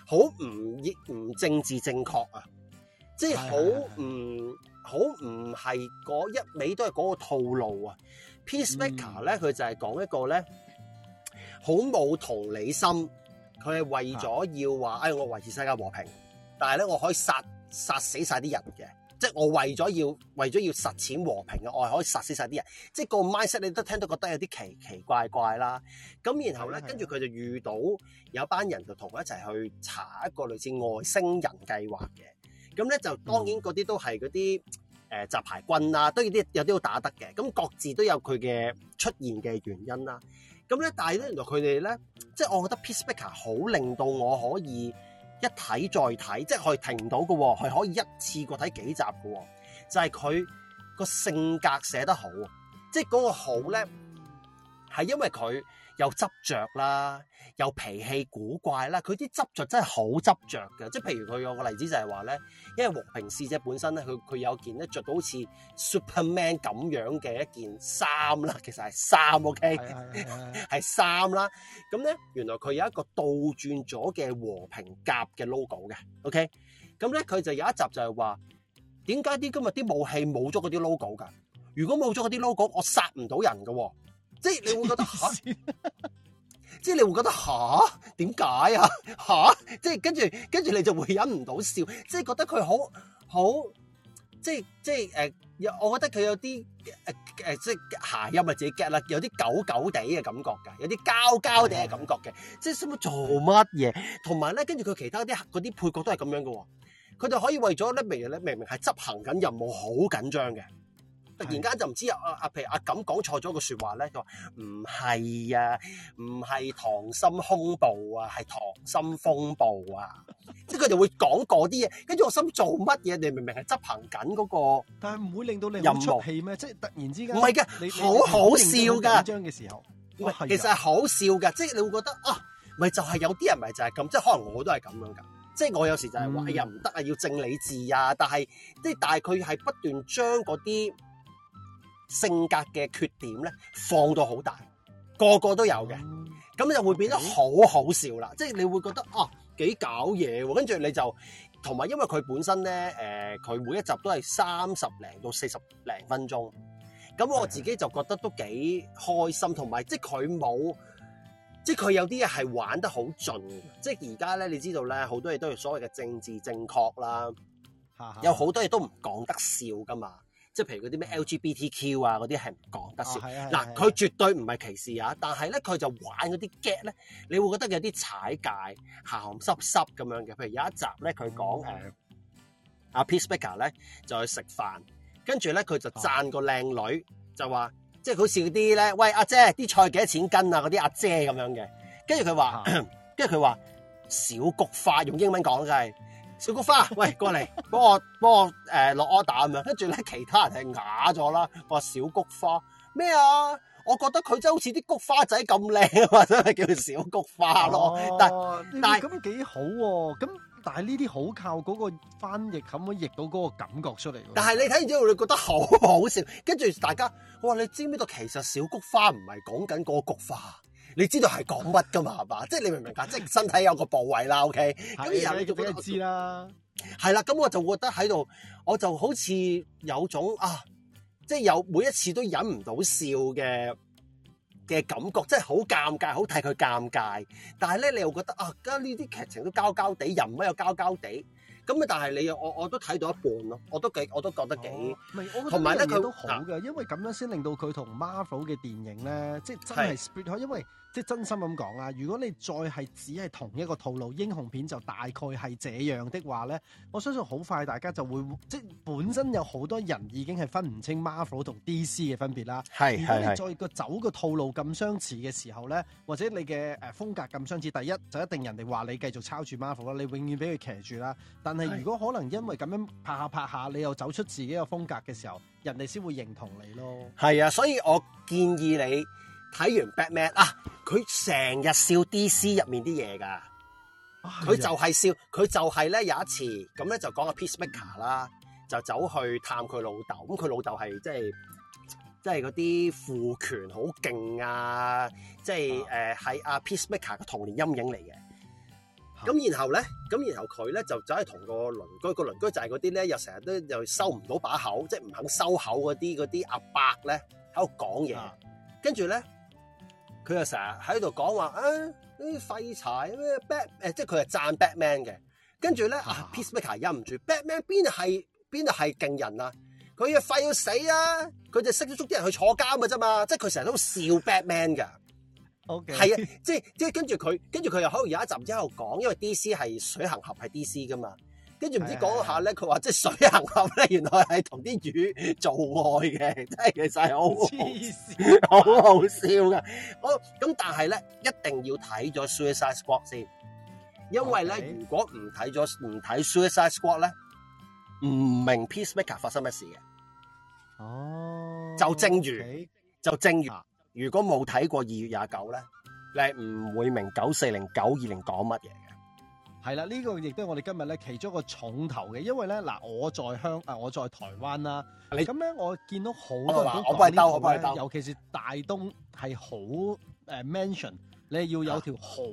好唔唔政治正確啊，即係好唔好唔係嗰一尾都係嗰個套路啊。Peacemaker 咧，佢就係講一個咧好冇同理心，佢係為咗要話誒、哎、我維持世界和平，但係咧我可以殺殺死晒啲人嘅。即係我為咗要為咗要實踐和平嘅愛，可以殺死晒啲人。即係個 mindset 你都聽到覺得有啲奇奇怪怪啦。咁然後咧，跟住佢就遇到有班人就同佢一齊去查一個類似外星人計劃嘅。咁咧就當然嗰啲都係嗰啲誒雜牌軍啦、啊，都依啲有啲要打得嘅。咁各自都有佢嘅出現嘅原因啦。咁咧，但係咧原來佢哋咧，即係我覺得 Peacemaker 好令到我可以。一睇再睇，即係可以停唔到嘅喎，係可以一次過睇幾集嘅喎，就係佢個性格寫得好，即係嗰個好呢，係因為佢。又執着啦，又脾氣古怪啦，佢啲執着真係好執着嘅，即係譬如佢有個例子就係話咧，因為和平使者本身咧，佢佢有件咧着到好似 Superman 咁樣嘅一件衫啦，其實係衫，OK，係衫啦，咁咧 原來佢有一個倒轉咗嘅和平鴿嘅 logo 嘅，OK，咁咧佢就有一集就係話點解啲今日啲武器冇咗嗰啲 logo 㗎？如果冇咗嗰啲 logo，我殺唔到人嘅喎。即係你會覺得吓， 即係你會覺得吓，點解啊吓？即係跟住跟住你就會忍唔到笑，即係覺得佢好好，即係即係誒、呃，我覺得佢有啲誒誒，即係諧音啊自己 get 啦，有啲狗狗地嘅感覺噶，有啲膠膠地嘅感覺嘅， 即係想做乜嘢？同埋咧，跟住佢其他啲啲配角都係咁樣噶，佢哋可以為咗咧，明明咧明明係執行緊任務，好緊張嘅。突然間就唔知阿阿皮阿錦講錯咗個説話咧，就話唔係啊，唔係溏心胸部啊，係溏心風暴啊！ 即係佢哋會講嗰啲嘢，跟住我心做乜嘢？你明明係執行緊嗰個，但係唔會令到你冇出氣咩？即係突然之間唔係嘅，你好好笑㗎！緊張嘅時候，其實係好笑㗎，即係你會覺得啊，咪就係、是、有啲人咪就係咁，即係可能我都係咁樣㗎。即係我有時就係話又唔得啊，要正理智啊，但係即係但係佢係不斷將嗰啲。性格嘅缺點咧，放到好大，個個都有嘅，咁就會變得好好笑啦。即係你會覺得哦幾、啊、搞嘢喎，跟住你就同埋，因為佢本身咧誒，佢、呃、每一集都係三十零到四十零分鐘，咁我自己就覺得都幾開心，同埋即係佢冇，即係佢有啲嘢係玩得好盡。即係而家咧，你知道咧，好多嘢都係所謂嘅政治正確啦， 有好多嘢都唔講得笑噶嘛。即係譬如嗰啲咩 LGBTQ 啊嗰啲係唔講得少，嗱佢、哦、絕對唔係歧視啊，但係咧佢就玩嗰啲 get 咧，你會覺得有啲踩界鹹濕濕咁樣嘅。譬如有一集咧，佢講誒阿 Peacemaker 咧就去食飯，跟住咧佢就讚個靚女，就話即係好笑啲咧，喂阿姐啲菜幾多錢斤啊？嗰啲阿姐咁樣嘅，跟住佢話，跟住佢話小菊花用英文講嘅。小菊花，喂，過嚟，幫 我幫我誒落 order 咁樣，跟住咧其他人係啞咗啦。我話小菊花咩啊？我覺得佢真係好似啲菊花仔咁靚啊嘛，真係叫小菊花咯。但但咁、啊、幾好喎、啊，咁但係呢啲好靠嗰個翻譯可唔可以譯到嗰個感覺出嚟？但係你睇完之後你覺得好好笑，跟住大家，我話你知唔知道？其實小菊花唔係講緊個菊花。你知道係講乜噶嘛？係嘛？即係你明唔明白？即係身體有個部位啦。OK。係啊，你做咩知啦？係啦，咁我就覺得喺度，我就好似有種啊，即係有每一次都忍唔到笑嘅嘅感覺，即係好尷尬，好替佢尷尬。但係咧，你又覺得啊，而家呢啲劇情都膠膠地，人物又膠膠地。咁啊，但係你我我都睇到一半咯，我都幾我都覺得幾。同埋咧，佢都好嘅，因為咁樣先令到佢同 Marvel 嘅電影咧，即係真係 split 開，因為。即真心咁講啊！如果你再係只係同一個套路英雄片，就大概係這樣的話呢。我相信好快大家就會，即本身有好多人已經係分唔清 Marvel 同 DC 嘅分別啦。係是 你再個走個套路咁相似嘅時候呢，或者你嘅誒風格咁相似，第一就一定人哋話你繼續抄住 Marvel 咯，你永遠俾佢騎住啦。但係如果可能因為咁樣拍下拍下，你又走出自己嘅風格嘅時候，人哋先會認同你咯。係啊，所以我建議你。睇完《Batman》啊，佢成日笑 D.C. 入面啲嘢噶，佢、哎、呀就係笑佢就係咧，有一次咁咧就講阿 PeaceMaker 啦，就走去探佢老豆，咁佢老豆係即係即係嗰啲父權好勁啊，即係誒係阿 PeaceMaker 嘅童年陰影嚟嘅。咁然後咧，咁然後佢咧就走去同個鄰居，個鄰居就係嗰啲咧又成日都又收唔到把口，即係唔肯收口嗰啲嗰啲阿伯咧喺度講嘢，跟住咧。佢就成日喺度講話啊啲廢柴咩 bad 誒，即係佢係讚 Batman 嘅。跟住咧啊，PeaceMaker 忍唔住，Batman 邊度係邊度係勁人啊？佢又廢要死啊！佢就識咗捉啲人去坐監㗎啫嘛。即係佢成日都笑 Batman 嘅。OK 係啊，即係即係跟住佢，跟住佢又喺度有一集之後講，因為 DC 係水行俠係 DC 噶嘛。跟住唔知講下咧，佢話即係水行俠咧，原來係同啲魚做愛嘅，真係其實係好黐線，好好笑噶。 好，咁但係咧，一定要睇咗 Suicide Squad 先，因為咧 Okay. 如果唔睇咗唔睇 Suicide Squad 咧，唔明 Peacemaker 發生乜事嘅。哦，oh, 就正如 okay. 就正如，如果冇睇過二月廿九咧，你唔會明九四零九二零講乜嘢。係啦，這個、呢個亦都係我哋今日咧其中一個重頭嘅，因為咧嗱，我在香啊，我在台灣啦，咁咧你我見到好多，都說 我唔係兜，我唔係兜，尤其是大東係好誒、uh, mention，你係要有條好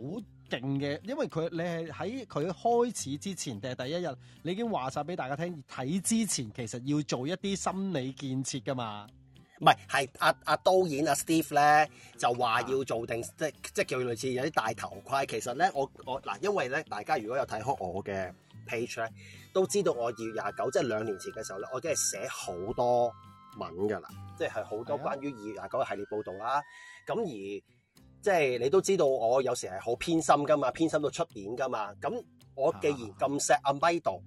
勁嘅，啊、因為佢你係喺佢開始之前定係第一日，你已經話晒俾大家聽，睇之前其實要做一啲心理建設㗎嘛。唔係，係阿阿導演阿、啊、Steve 咧，就話要做定，啊、即即叫類似有啲大頭盔。其實咧，我我嗱，因為咧，大家如果有睇開我嘅 page 咧，都知道我二月廿九，即係兩年前嘅時候咧，我已經係寫好多文㗎啦，嗯、即係好多關於二月廿九嘅系列報道啦。咁、啊啊啊、而即係你都知道，我有時係好偏心㗎嘛，偏心到出邊㗎嘛。咁我既然咁錫阿米度，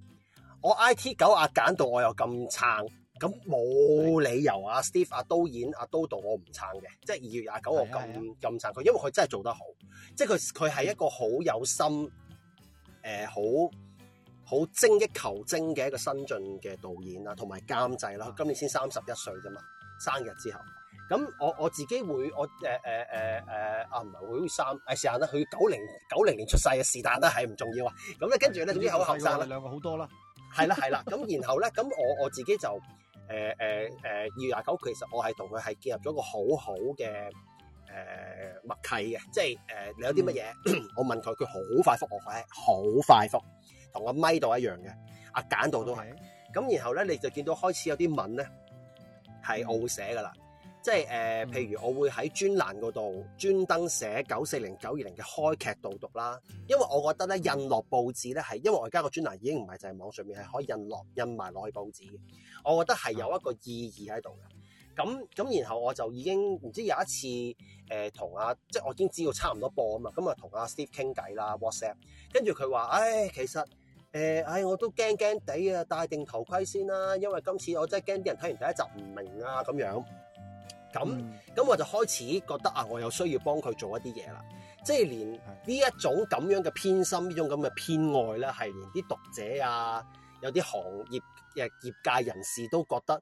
我 IT 九壓揀到我又咁撐。咁冇理由啊，Steve 阿導演阿都導我唔撐嘅，即係二月廿九號咁咁撐佢，因為佢真係做得好，即係佢佢係一個好有心誒好好精益求精嘅一個新晉嘅導演啊，同埋監製啦。佢今年先三十一歲啫嘛，生日之後，咁我我自己會我誒誒誒誒啊唔係會三誒是但啦，佢九零九零年出世嘅是但都係唔重要啊。咁咧跟住咧，總之好後生好多啦。係啦係啦，咁然後咧，咁我我自己就。誒誒誒，二廿九其實我係同佢係建立咗個好好嘅誒默契嘅，即係誒、uh，你有啲乜嘢，我問佢，佢好快覆我嘅，好快覆，同阿咪度一樣嘅，阿簡度都係。咁 Okay. 然後咧，你就見到開始有啲文咧，係我會寫噶啦。即係誒、呃，譬如我會喺專欄嗰度專登寫九四零九二零嘅開劇導讀啦。因為我覺得咧印落報紙咧係，因為我而家個專欄已經唔係淨係網上面係可以印落印埋落報紙嘅。我覺得係有一個意義喺度嘅。咁咁，然後我就已經唔知有一次誒同阿即係我已經知道差唔多播啊嘛。咁啊同阿 Steve 傾偈啦 WhatsApp，跟住佢話：唉，其實誒唉，唉我都驚驚地啊，戴定頭盔先啦，因為今次我真係驚啲人睇完第一集唔明啊咁樣。咁咁、嗯、我就開始覺得啊，我又需要幫佢做一啲嘢啦，即係連呢一種咁樣嘅偏心，呢的種咁嘅偏愛咧，係連啲讀者啊，有啲行業嘅業界人士都覺得，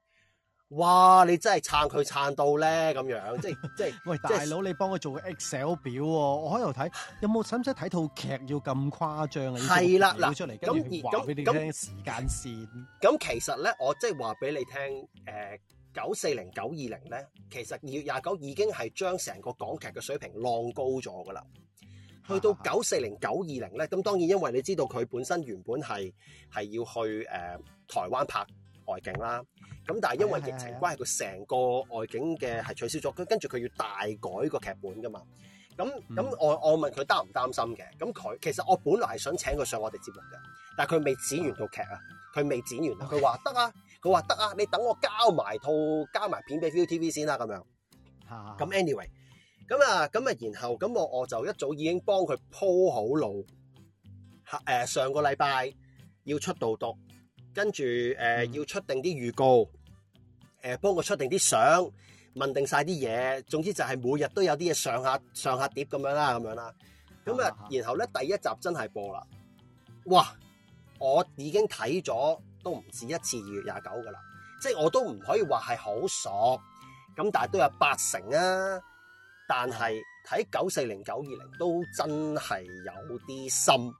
哇！你真係撐佢撐到咧咁樣，即係即係， 喂，是喂大佬，你幫佢做個 Excel 表喎、啊，我喺度睇有冇使唔使睇套劇要咁誇張啊？係啦的，嗱出嚟跟住話俾你而時間線。咁其實咧，我即係話俾你聽，誒。九四零九二零咧，其實二月廿九已經係將成個港劇嘅水平浪高咗噶啦，啊、去到九四零九二零咧，咁當然因為你知道佢本身原本係係要去誒、呃、台灣拍外景啦，咁但係因為疫情關係，佢成個外景嘅係取消咗，跟跟住佢要大改個劇本噶嘛，咁咁、嗯、我我問佢擔唔擔心嘅，咁佢其實我本來係想請佢上我哋節目嘅，但係佢未，、嗯、未剪完套劇啊，佢未剪完啊，佢話得啊。佢話得啊，你等我交埋套、交埋片俾 ViuTV 先啦，咁樣。嚇！咁 anyway，咁啊，咁啊，然後咁我我就一早已經幫佢鋪好路。嚇！上個禮拜要出道讀，跟住誒、呃、要出定啲預告，誒、呃、幫佢出定啲相，問定晒啲嘢，總之就係每日都有啲嘢上下上下疊咁樣啦，咁樣啦。咁啊，然後咧、啊、第一集真係播啦。哇！我已經睇咗。都唔止一次二月廿九噶啦，即係我都唔可以話係好傻。咁但係都有八成啊。但係睇九四零九二零都真係有啲深，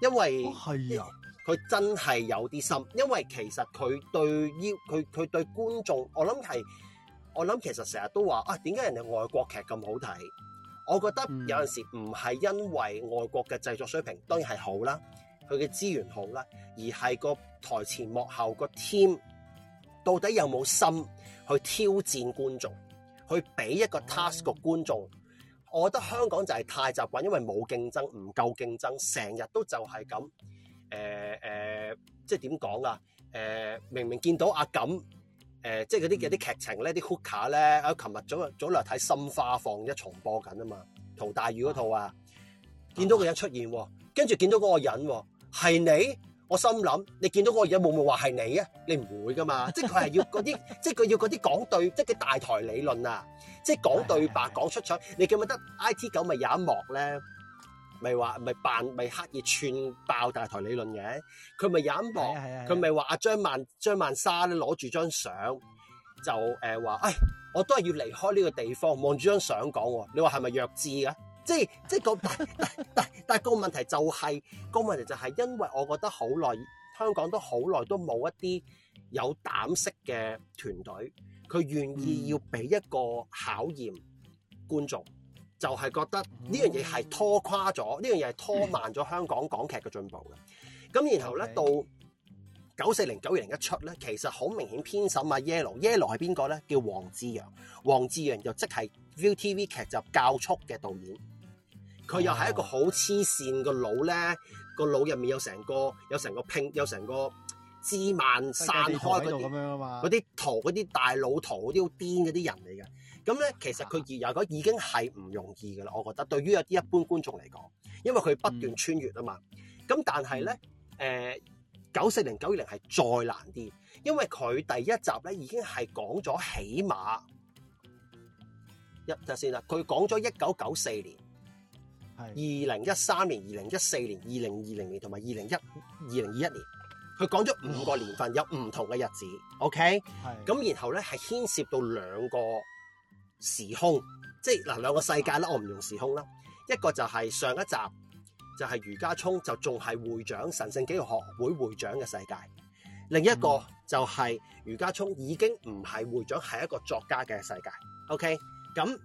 因為佢真係有啲深，因為其實佢對於佢佢對觀眾，我諗係我諗其實成日都話啊，點解人哋外國劇咁好睇？我覺得有陣時唔係因為外國嘅製作水平，當然係好啦。佢嘅資源好啦，而係個台前幕後個 team 到底有冇心去挑戰觀眾，去俾一個 task 個觀眾。我覺得香港就係太習慣，因為冇競爭，唔夠競爭，成日都就係咁。誒、呃、誒、呃，即係點講啊？誒、呃，明明見到阿錦，誒、呃，即係嗰啲啲劇情呢，啲 hook 卡咧，啊，琴日早早嚟睇《心花放》一重播緊啊嘛，陶大宇嗰套啊，嗯、見到個人出現，跟住見到嗰個人。嗯係你，我心諗，你見到個嘢冇冇話係你啊？你唔會噶嘛？即係佢係要嗰啲，即係佢要嗰啲講對，即係大台理論啊！即係講對白，講出彩。你記唔記得 IT 九 IT 狗咪有一幕咧？咪話咪扮咪刻意串爆大台理論嘅，佢咪有一幕，佢咪話阿張曼張曼莎咧攞住張相就誒話，哎，我都係要離開呢個地方，望住張相講喎。你話係咪弱智啊？即係即係個，但但但但、就是、個問題就係個問題就係，因為我覺得好耐香港都好耐都冇一啲有膽識嘅團隊，佢願意要俾一個考驗觀眾，就係、是、覺得呢樣嘢係拖垮咗，呢樣嘢係拖慢咗香港港劇嘅進步嘅。咁然後咧 Okay. 到九四零九二零一出咧，其實好明顯編審啊 Yellow，Yellow 係邊個咧？叫黃志揚，黃志揚就即係 ViuTV 劇集教速嘅導演。佢又係一個好黐線個腦咧，個腦入面有成個有成個拼有成個枝蔓散開嗰啲嗰啲圖嗰啲大腦圖嗰啲好癲嗰啲人嚟嘅。咁咧其實佢而家已經係唔容易㗎啦，我覺得對於一啲一般觀眾嚟講，因為佢不斷穿越啊嘛，咁、嗯、但係咧誒九四零九二零係再難啲，因為佢第一集咧已經係講咗起碼一就先啦，佢講咗一九九四年。二零一三年、二零一四年、二零二零年同埋二零一二零二一年，佢講咗五個年份，有唔同嘅日子。OK，咁是的 然後呢，係牽涉到兩個時空，即係嗱兩個世界啦。我唔用時空啦，一個就係上一集就係、是、余家聰，就仲係會長神聖肌肉學會會長嘅世界；另一個就係余家聰已經唔係會長，係一個作家嘅世界。OK，咁。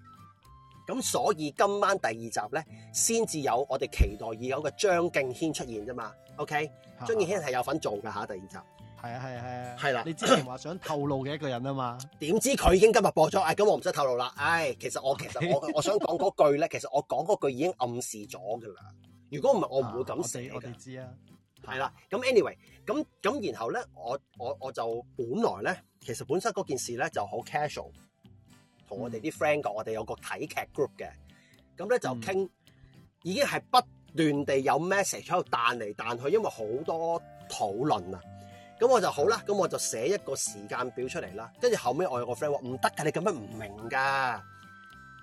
咁所以今晚第二集咧，先至有我哋期待已久嘅張敬軒出現啫嘛。OK，張、啊、敬軒係有份做噶吓，第二集係啊係啊係啊係啦。你之前話想透露嘅一個人啊嘛，點知佢已經今日播咗，唉、哎，咁我唔使透露啦。唉、哎，其實我其實我我想講嗰句咧，其實我講嗰句已經暗示咗噶啦。如果唔係，我唔會咁死。我哋知啊，係啦、 啊。咁 anyway，咁咁然後咧，我我我，我，我就本來咧，其實本身嗰件事咧就好 casual。同我哋啲 friend 講，嗯、我哋有個睇劇 group 嘅咁咧，就傾、嗯、已經係不斷地有 message 喺度彈嚟彈去，因為好多討論啊。咁我就好啦，咁我就寫一個時間表出嚟啦。跟住後尾我有個 friend 話唔得㗎，你咁樣唔明㗎，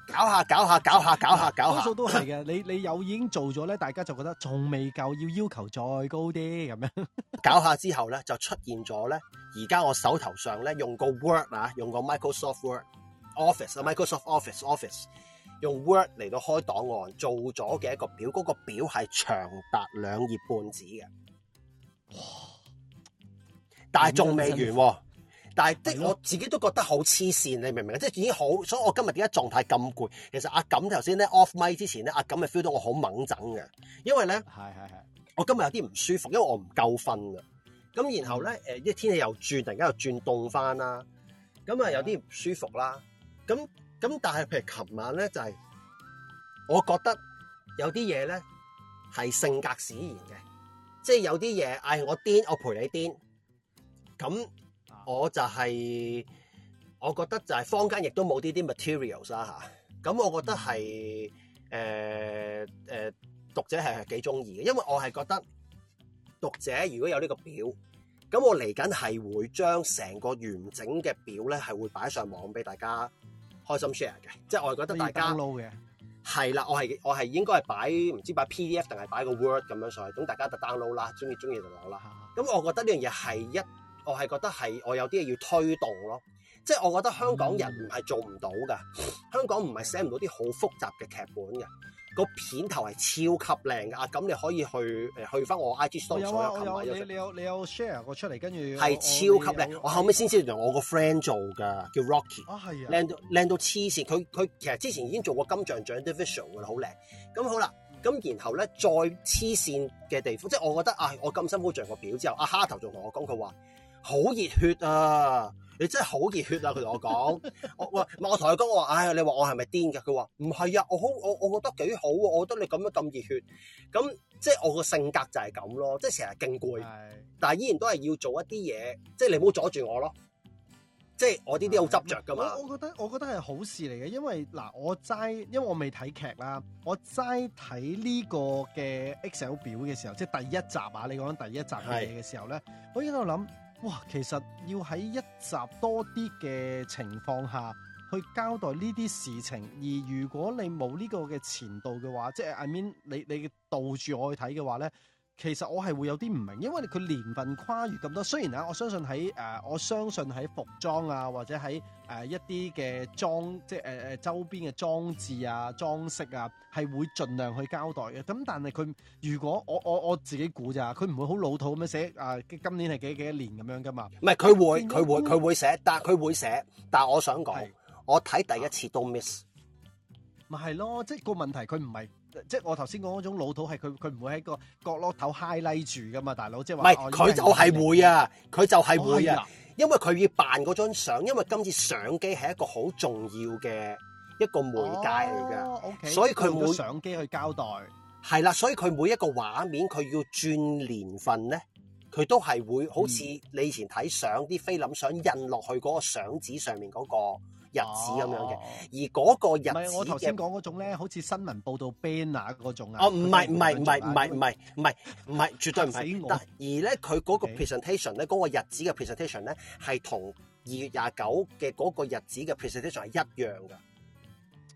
搞下搞下搞下搞下搞下，都係嘅。你你又已經做咗咧，大家就覺得仲未夠，要要求再高啲咁樣。 搞下之後咧，就出現咗咧。而家我手頭上咧用個 Word 啊，用個 Microsoft Word。Office 啊，Microsoft Office，Office Office, 用 Word 嚟到開檔案，做咗嘅一個表，嗰、那個表係長達兩頁半紙嘅，哇！但係仲未完，麼麼但係即係我自己都覺得好黐線，你明唔明啊？即、就、係、是、已經好，所以我今日點解狀態咁攰？其實阿錦頭先咧 off mic 之前咧，阿錦咪 feel 到我好矇憎嘅，因為咧係係係，是是是我今日有啲唔舒服，因為我唔夠瞓啊。咁然後咧，誒，即天氣又轉，突然間又轉凍翻啦。咁啊，有啲唔舒服啦。咁咁，但係譬如琴晚咧，就係、是、我覺得有啲嘢咧係性格使然嘅，即係有啲嘢，唉、哎，我癲，我陪你癲。咁我就係、是、我覺得就係坊間亦都冇呢啲 materials 啊吓，咁我覺得係誒誒讀者係幾中意嘅，因為我係覺得讀者如果有呢個表。咁我嚟緊係會將成個完整嘅表咧係會擺上網俾大家開心 share 嘅，即係我係覺得大家 download 嘅，係啦，我係我係應該係擺唔知擺 PDF 定係擺個 Word 咁樣上去，咁大家就 download 啦，中意中意就攞啦。咁的我覺得呢樣嘢係一，我係覺得係我有啲嘢要推動咯，即係我覺得香港人唔係做唔到噶，嗯、香港唔係寫唔到啲好複雜嘅劇本嘅。個片頭係超級靚㗎，咁你可以去誒去返我 IG store 所、啊、有購買有你你有你有 share 是我出嚟跟住係超級靚。有我後尾先知道我個 friend 做㗎，叫 Rocky，靚、啊啊、到靚到黐線。佢佢其實之前已經做過金像獎 visual 㗎啦，好靚。咁好啦，咁然後咧再黐線嘅地方，即係我覺得啊、哎，我咁辛苦做個表之後，阿蝦頭仲同我講佢話好熱血啊。你真係好熱血啊！佢同我講， 我喂，我同佢講，我話，唉，你話我係咪癲㗎？佢話唔係啊，我好，我我覺得幾好啊，我覺得你咁樣咁熱血，咁即係我個性格就係咁咯，即係成日勁攰，是但係依然都係要做一啲嘢，即係你唔好阻住我咯，即係我呢啲好執着噶嘛。我我覺得我覺得係好事嚟嘅，因為嗱，我齋因為我未睇劇啦，我齋睇呢個嘅 Excel 表嘅時候，即係第一集啊，你講第一集嘅嘢嘅時候咧，是我喺度諗。哇，其實要喺一集多啲嘅情況下去交代呢啲事情，而如果你冇呢個嘅前度嘅話，即係 I mean 你你導住我去睇嘅話咧。其實我係會有啲唔明，因為佢年份跨越咁多。雖然啊，我相信喺誒、呃，我相信喺服裝啊，或者喺誒、呃、一啲嘅裝，即係誒誒周邊嘅裝置啊、裝飾啊，係會盡量去交代嘅。咁但係佢如果我我我自己估咋，佢唔會好老土咁樣寫誒、啊，今年係幾幾一年咁樣噶嘛？唔係，佢會，佢會，佢會寫，但係佢會寫。但係我想講，是我睇第一次都 miss，咪係咯？即係個問題，佢唔係。即係我頭先講嗰種老土係佢，佢唔會喺個角落頭 highlight 住噶嘛，大佬即係話。唔係佢就係會啊，佢就係會啊，哦、啊，因為佢要扮嗰張相，因為今次相機係一個好重要嘅一個媒介嚟㗎，哦、okay，所以佢用相機去交代。係啦，所以佢每一個畫面佢要轉年份咧，佢都係會、嗯、好似你以前睇相啲菲林相印落去嗰個相紙上面嗰、那個。日子咁樣嘅，而嗰個日子、啊、唔係、我頭先講嗰種咧，好似新聞報道 banner 嗰種啊。哦、啊，唔係唔係唔係唔係唔係唔係唔係， 絕對唔係。得但而咧，佢嗰個 presentation 咧，嗰個日子嘅 presentation 咧，係同二月廿九嘅嗰個日子嘅 presentation 係一樣㗎。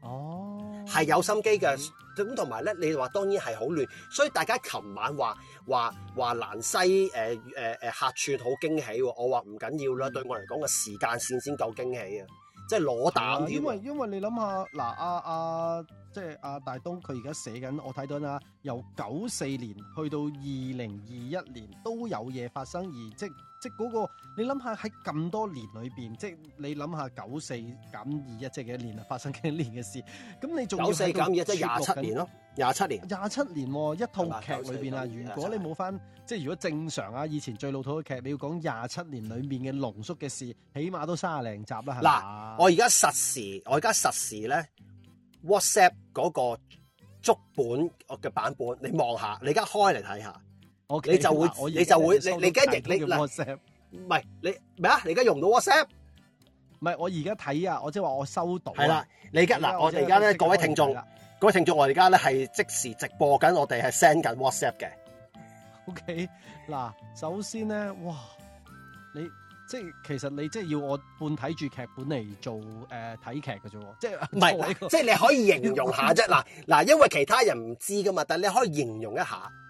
哦，係有心機嘅。咁同埋咧，你話當然係好亂，所以大家琴晚話話話蘭西誒誒誒客串好驚喜，我話唔緊要啦，對我嚟講嘅時間線先夠驚喜啊。即係裸打，因為因為你諗下，嗱阿阿即係阿大東，佢而家寫緊，我睇到啦，由九四年去到二零二一年都有嘢發生，而即。即嗰個，你諗下喺咁多年裏邊，即你諗下九四減二一即幾多年啊？發生幾年嘅事，咁你仲九四減二即係廿七年咯，廿七年，廿七年，廿七年，哦、一套劇裏邊啊！如果你冇翻，即如果正常啊，以前最老土嘅劇，你要講廿七年裏面嘅濃縮嘅事，是起碼都三廿零集啦。嗱，我而家實時，我而家實時咧 WhatsApp 嗰個足本嘅版本，你望下，你而家開嚟睇下。Okay, 你就會，你就會，你你而家用你，嗱，WhatsApp 唔係你咩啊？你而家用到 WhatsApp？唔係我而家睇啊！我即係話我收到係啦。你而家嗱，我哋而家咧，各位聽眾，各位聽眾，我而家咧係即時直播緊，我哋係 send 緊 WhatsApp 嘅。OK 嗱，首先咧，哇！你即係其實你即係要我半睇住劇本嚟做誒睇劇嘅啫，即係唔係？即係你可以形容下啫。嗱嗱，因為其他人唔知噶嘛，但係你可以形容一下。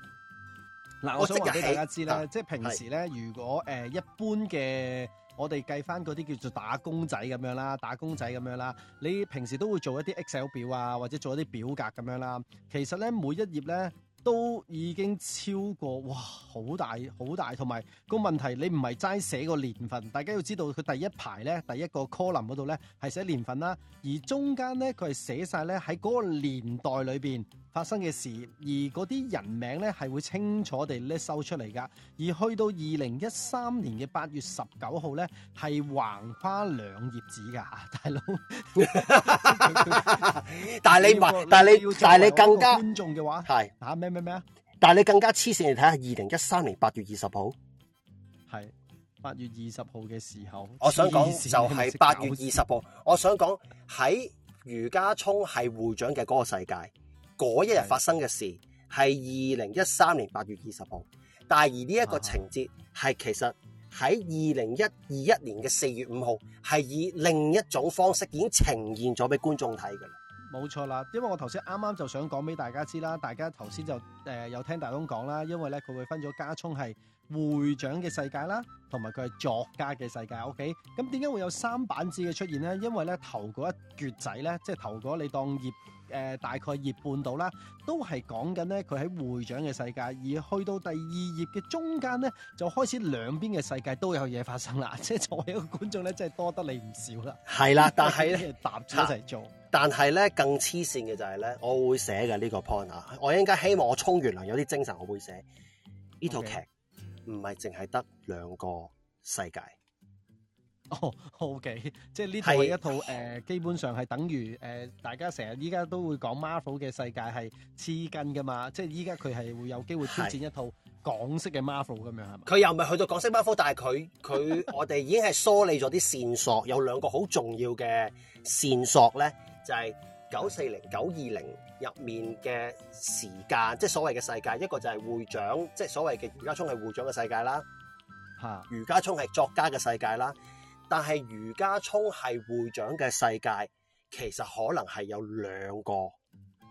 嗱，我想話俾大家知啦，啊、即係平時咧，是如果誒、呃、一般嘅我哋計翻嗰啲叫做打工仔咁樣啦，打工仔咁樣啦，你平時都會做一啲 Excel 表啊，或者做一啲表格咁樣啦，其實咧每一頁咧。都已經超過哇，好大好大，同埋個問題你唔係齋寫個年份，大家要知道佢第一排咧，第一個 column 度咧係寫年份啦，而中間咧佢係寫曬咧喺嗰年代裏邊發生嘅事，而啲人名咧係會清楚地咧收出嚟噶，而去到二零一三年嘅八月十九號咧係橫花兩頁紙，噶，大佬， 但係你但係你要，但係你更加觀眾嘅話，係打咩？咩咩咩啊！但係你更加黐線，你睇下二零一三年八月二十號，係八月二十號嘅時候，我想講就係八月二十號。我想講喺余家聰係會長嘅嗰個世界，嗰一日發生嘅事係二零一三年八月二十號。但係而呢一個情節係其實喺二零二一年嘅四月五號，係以另一種方式已經呈現咗俾觀眾睇嘅。冇錯啦，因為我頭先啱啱就想講俾大家知啦，大家頭先就誒、呃、有聽大東講啦，因為咧佢會分咗家聰係會長嘅世界啦，同埋佢係作家嘅世界。OK，咁點解會有三板字嘅出現咧？因為咧頭嗰一橛仔咧，即係頭嗰你當頁。誒、呃，大概頁半度啦，都係講緊咧佢喺會長嘅世界，而去到第二頁嘅中間咧，就開始兩邊嘅世界都有嘢發生啦。即係作為一個觀眾咧，真係多得你唔少啦。係啦，但係咧搭住一齊做，但係咧更黐線嘅就係、是、咧，我會寫嘅呢個 point 啊。我應該希望我沖完涼，有啲精神，我會寫呢套劇，唔係淨係得兩個世界。哦、oh，OK，即係呢套係一套誒的、呃，基本上係等於誒、呃，大家成日依家都會講 Marvel 嘅世界係黐根噶嘛，即係依家佢係會有機會挑戰一套港式嘅 Marvel 咁樣係咪？佢的又唔係去到港式 Marvel，但係佢佢我哋已經係梳理咗啲線索，有兩個好重要嘅線索咧，就係九四零、九二零入面嘅時間，即係所謂嘅世界，一個就係會長，即、就、係、是、所謂嘅余家聰係會長嘅世界啦，吓，余家聰係作家嘅世界啦。但係，余家聰係會長嘅世界，其實可能係有兩個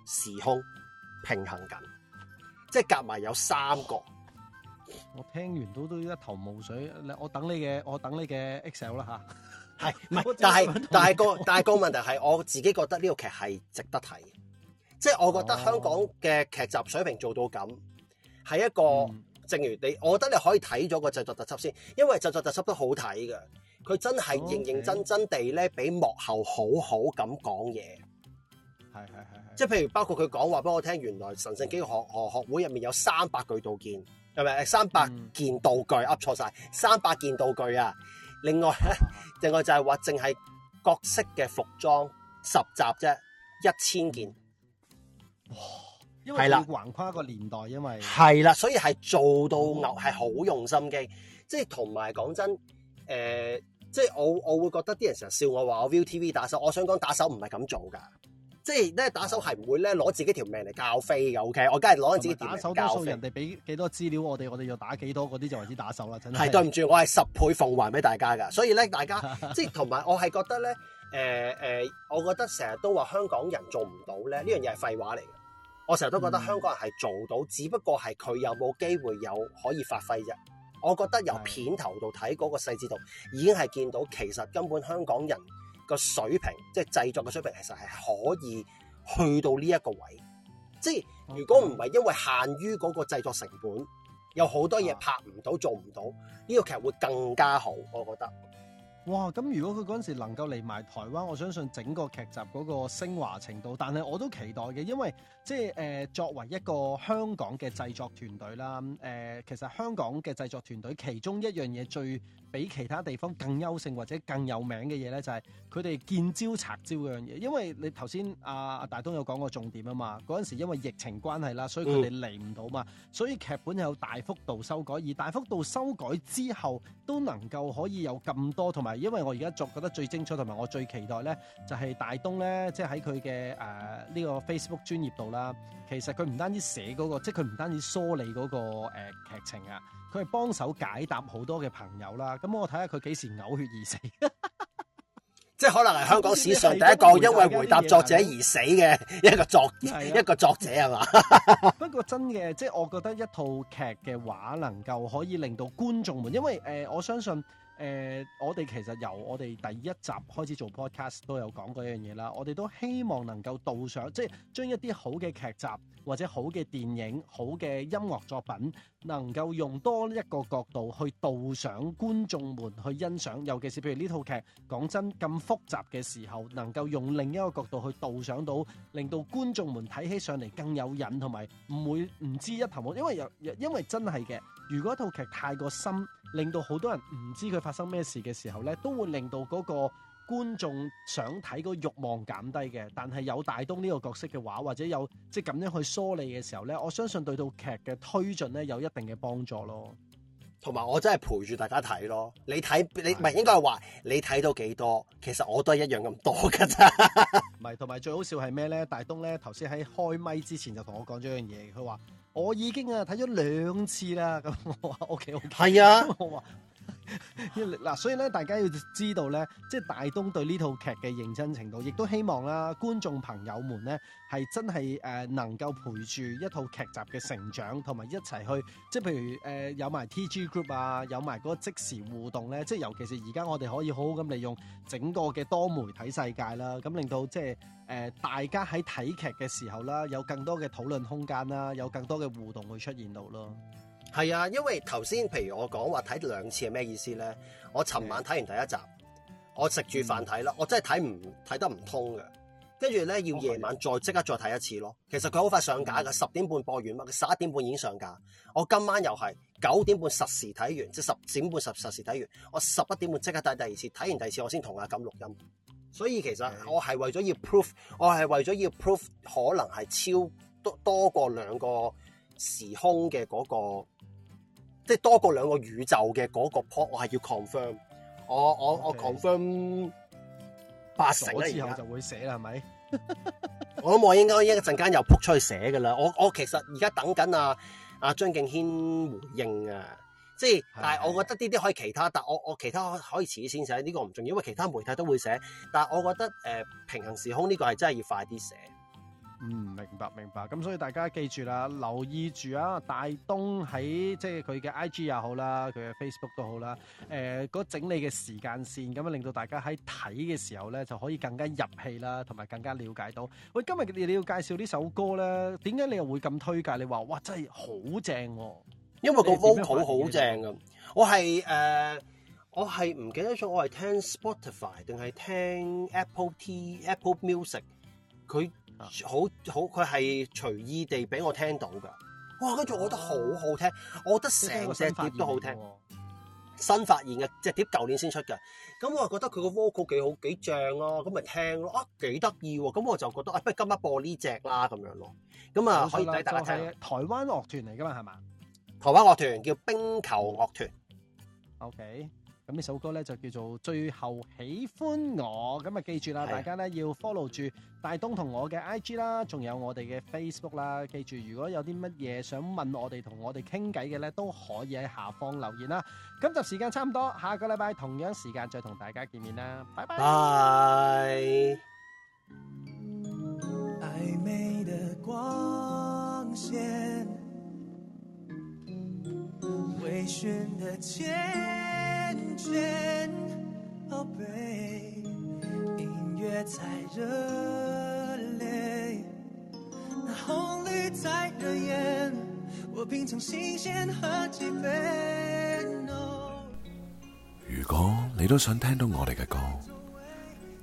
時空平衡緊，即係夾埋有三個。我聽完到都一頭霧水。我等你嘅，我等你嘅 Excel 啦吓。係，但係但係個但係個問題係，我自己覺得呢個劇係值得睇嘅， 即係我覺得香港嘅劇集水平做到咁，係一個。正如你，我覺得你可以睇咗個製作特輯先，因為製作特輯都好睇嘅。佢真係認認真真地咧，俾幕後好好咁講嘢。係係係。即係譬如包括佢講話，俾我聽，原來《神聖機器學學學會》入面有三百句道具，係咪，嗯？三百件道具噏錯晒，三百件道具啊！另外咧，另外就係話，淨係角色嘅服裝十集啫，一千件。哇！因為要橫跨個年代啊嘛，因為。係啦，所以係做到牛，係好、哦、用心機。即係同埋講真，誒、呃。即係我，我會覺得啲人成日笑我話我 ViuTV 打手，我想講打手唔係咁做㗎，即係咧打手係唔會咧攞自己條命嚟教飛嘅。O、OK? K，我梗係攞自己點教飛？打手，人哋俾幾多資料我哋，我哋要打幾多嗰啲就為之打手啦，真係。係對唔住，我係十倍奉還俾大家㗎。所以咧，大家即係同埋我係覺得咧，誒、呃、誒、呃，我覺得成日都話香港人做唔到咧，呢樣嘢係廢話嚟嘅。我成日都覺得香港人係做到，嗯、只不過係佢有冇機會有可以發揮啫。我覺得由片頭度睇嗰個細緻度，已經係見到其實根本香港人個水平，即係製作嘅水平，其實係可以去到呢一個位。即係如果唔係因為限於嗰個製作成本，有好多嘢拍唔到、做唔到，呢個劇實會更加好，我覺得。哇！咁如果佢陣時能夠嚟埋台灣，我相信整個劇集個升華程度。但係我都期待嘅，因為即係誒、呃、作為一個香港嘅製作團隊啦，誒、呃、其實香港嘅製作團隊其中一樣嘢，最比其他地方更優勝或者更有名嘅嘢咧，就係佢哋見招拆招樣嘢。因為你頭先阿阿大東有講過重點啊嘛，陣時因為疫情關係啦，所以佢哋嚟唔到嘛，嗯、所以劇本有大幅度修改，而大幅度修改之後都能夠可以有咁多同埋。因為我而家仲覺得最精彩同埋我最期待咧，就係大東咧，即係喺佢嘅誒呢個 Facebook 專頁度啦。其實佢唔單止寫嗰、那個，即係佢唔單止梳理嗰、那個誒、呃、劇情啊，佢係幫手解答好多嘅朋友啦。咁我睇下佢幾時嘔血而死， 即係可能係香港史上第一個 因為回答作者而死嘅一個作 一個作者係嘛？的 不過真嘅，即係我覺得一套劇嘅話，能夠可以令到觀眾們，因為誒、呃、我相信。誒、呃，我哋其實由我哋第一集開始做 podcast 都有講過一樣嘢啦，我哋都希望能夠導賞，即係將一啲好嘅劇集或者好嘅電影、好嘅音樂作品。能夠用多一個角度去導賞觀眾們去欣賞，尤其是譬如呢套劇，講真咁複雜嘅時候，能夠用另一個角度去導賞到，令到觀眾們睇起上嚟更有癮，同埋唔會唔知一頭霧，因為由因為真係嘅，如果套劇太過深，令到好多人唔知佢發生咩事嘅時候呢都會令到嗰個，觀眾想睇個欲望減低嘅，但係有大東呢個角色嘅話，或者有即係咁樣去梳理嘅時候咧，我相信對到劇嘅推進咧，有一定嘅幫助咯。同埋我真係陪住大家睇咯，你睇你咪吧應該係話你睇到幾多，其實我都係一樣咁多噶咋。唔係，同埋最好笑係咩咧？大東咧頭先喺開麥之前就同我講咗一樣嘢，佢話我已經啊睇咗兩次啦。咁我話 O K O K，係啊。 嗱， 所以咧，大家要知道咧，即係大東對呢套劇嘅認真程度，亦都希望啦，觀眾朋友們咧係真係誒、呃、能夠陪住一套劇集嘅成長，同埋一齊去，即係譬如誒、呃、有埋 TG Group 啊，有埋嗰個即時互動咧，即係尤其是而家我哋可以好好咁利用整個嘅多媒體世界啦，咁令到即係誒、呃、大家喺睇劇嘅時候啦，有更多嘅討論空間啦，有更多嘅互動會出現到咯。係啊，因為頭先譬如我講話睇兩次係咩意思呢？我尋晚睇完第一集，的我食住飯睇啦，我真係睇唔睇得唔通嘅，跟住呢，要夜晚再即、哦、刻再睇一次咯。其實佢好快上架嘅，十點的半播完，十一點半已經上架。我今晚又係九點半實時睇完，即十點半十實時睇完，我十一點半即刻睇第二次。睇完第二次我先同阿錦錄音。所以其實我係為咗要 proof，我係為咗要 proof 可能係超多多過兩個時空嘅嗰、那個。即係多過兩個宇宙嘅嗰個 port，我係要 confirm。我我我 confirm 八成之後就會寫啦，係咪？ 我諗我應該一陣間又撲出去寫噶啦。我我其實而家等緊啊，阿、啊、張敬軒回應啊。即係，但係我覺得呢啲可以其他，但我我其他可以，可以遲先寫。呢、呢個唔重要，因為其他媒體都會寫。但係我覺得誒、呃，平行時空呢個係真係要快啲寫。嗯，明白明白，咁所以大家記住啦，留意住啊，大東喺即係佢嘅 IG 又好啦，佢嘅 Facebook 都好啦，誒、呃，嗰整理嘅時間線，咁樣令到大家喺睇嘅時候咧，就可以更加入戲啦，同埋更加了解到。喂，今日你你要介紹呢首歌咧，點解你又會咁推介？你話哇，真係好正，因為個 vocal 好正啊！我係誒、呃，我係唔記得咗，我係聽 Spotify 定係聽 Apple T Apple Music 佢。好好，佢係隨意地俾我聽到噶，哇！跟住我覺得好好聽，我覺得成隻碟都好聽，新發現嘅隻碟，舊年先出嘅，咁我又覺得佢個 vocal 幾好，幾正咯，咁咪聽咯，啊，幾得意喎！咁、啊啊、我就覺得，啊、不如今日播呢隻啦，咁樣咯，咁啊，可以俾大家聽。台灣樂團嚟噶嘛，係嘛？台灣樂團叫冰球樂團。OK。咁呢首歌咧就叫做《醉後喜歡我》，咁啊記住的啦，大家咧要 follow 住大東同我嘅 I G 啦，仲有我哋嘅 Facebook 啦。記住，如果有啲乜嘢想問我哋同我哋傾偈嘅咧，都可以喺下方留言啦。咁就時間差唔多，下個禮拜同樣時間再同大家見面啦。拜拜。Bye 如果你都想聽到我哋嘅歌，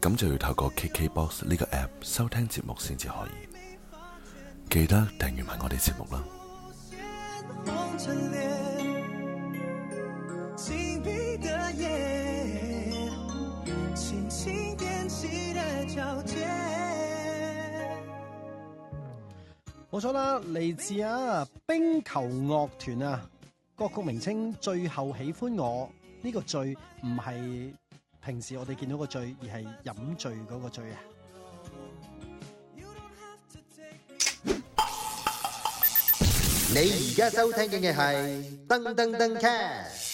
咁就要透過 KKBOX 呢個 app 收聽節目先至可以。記得訂閱埋我哋節目啦。 冇錯啦，嚟自啊冰球樂團啊，歌曲名稱《醉後喜歡我》呢，這個醉唔係平時我哋見到個醉，而係飲醉嗰個醉啊！你而家收聽緊嘅係噔噔噔 cast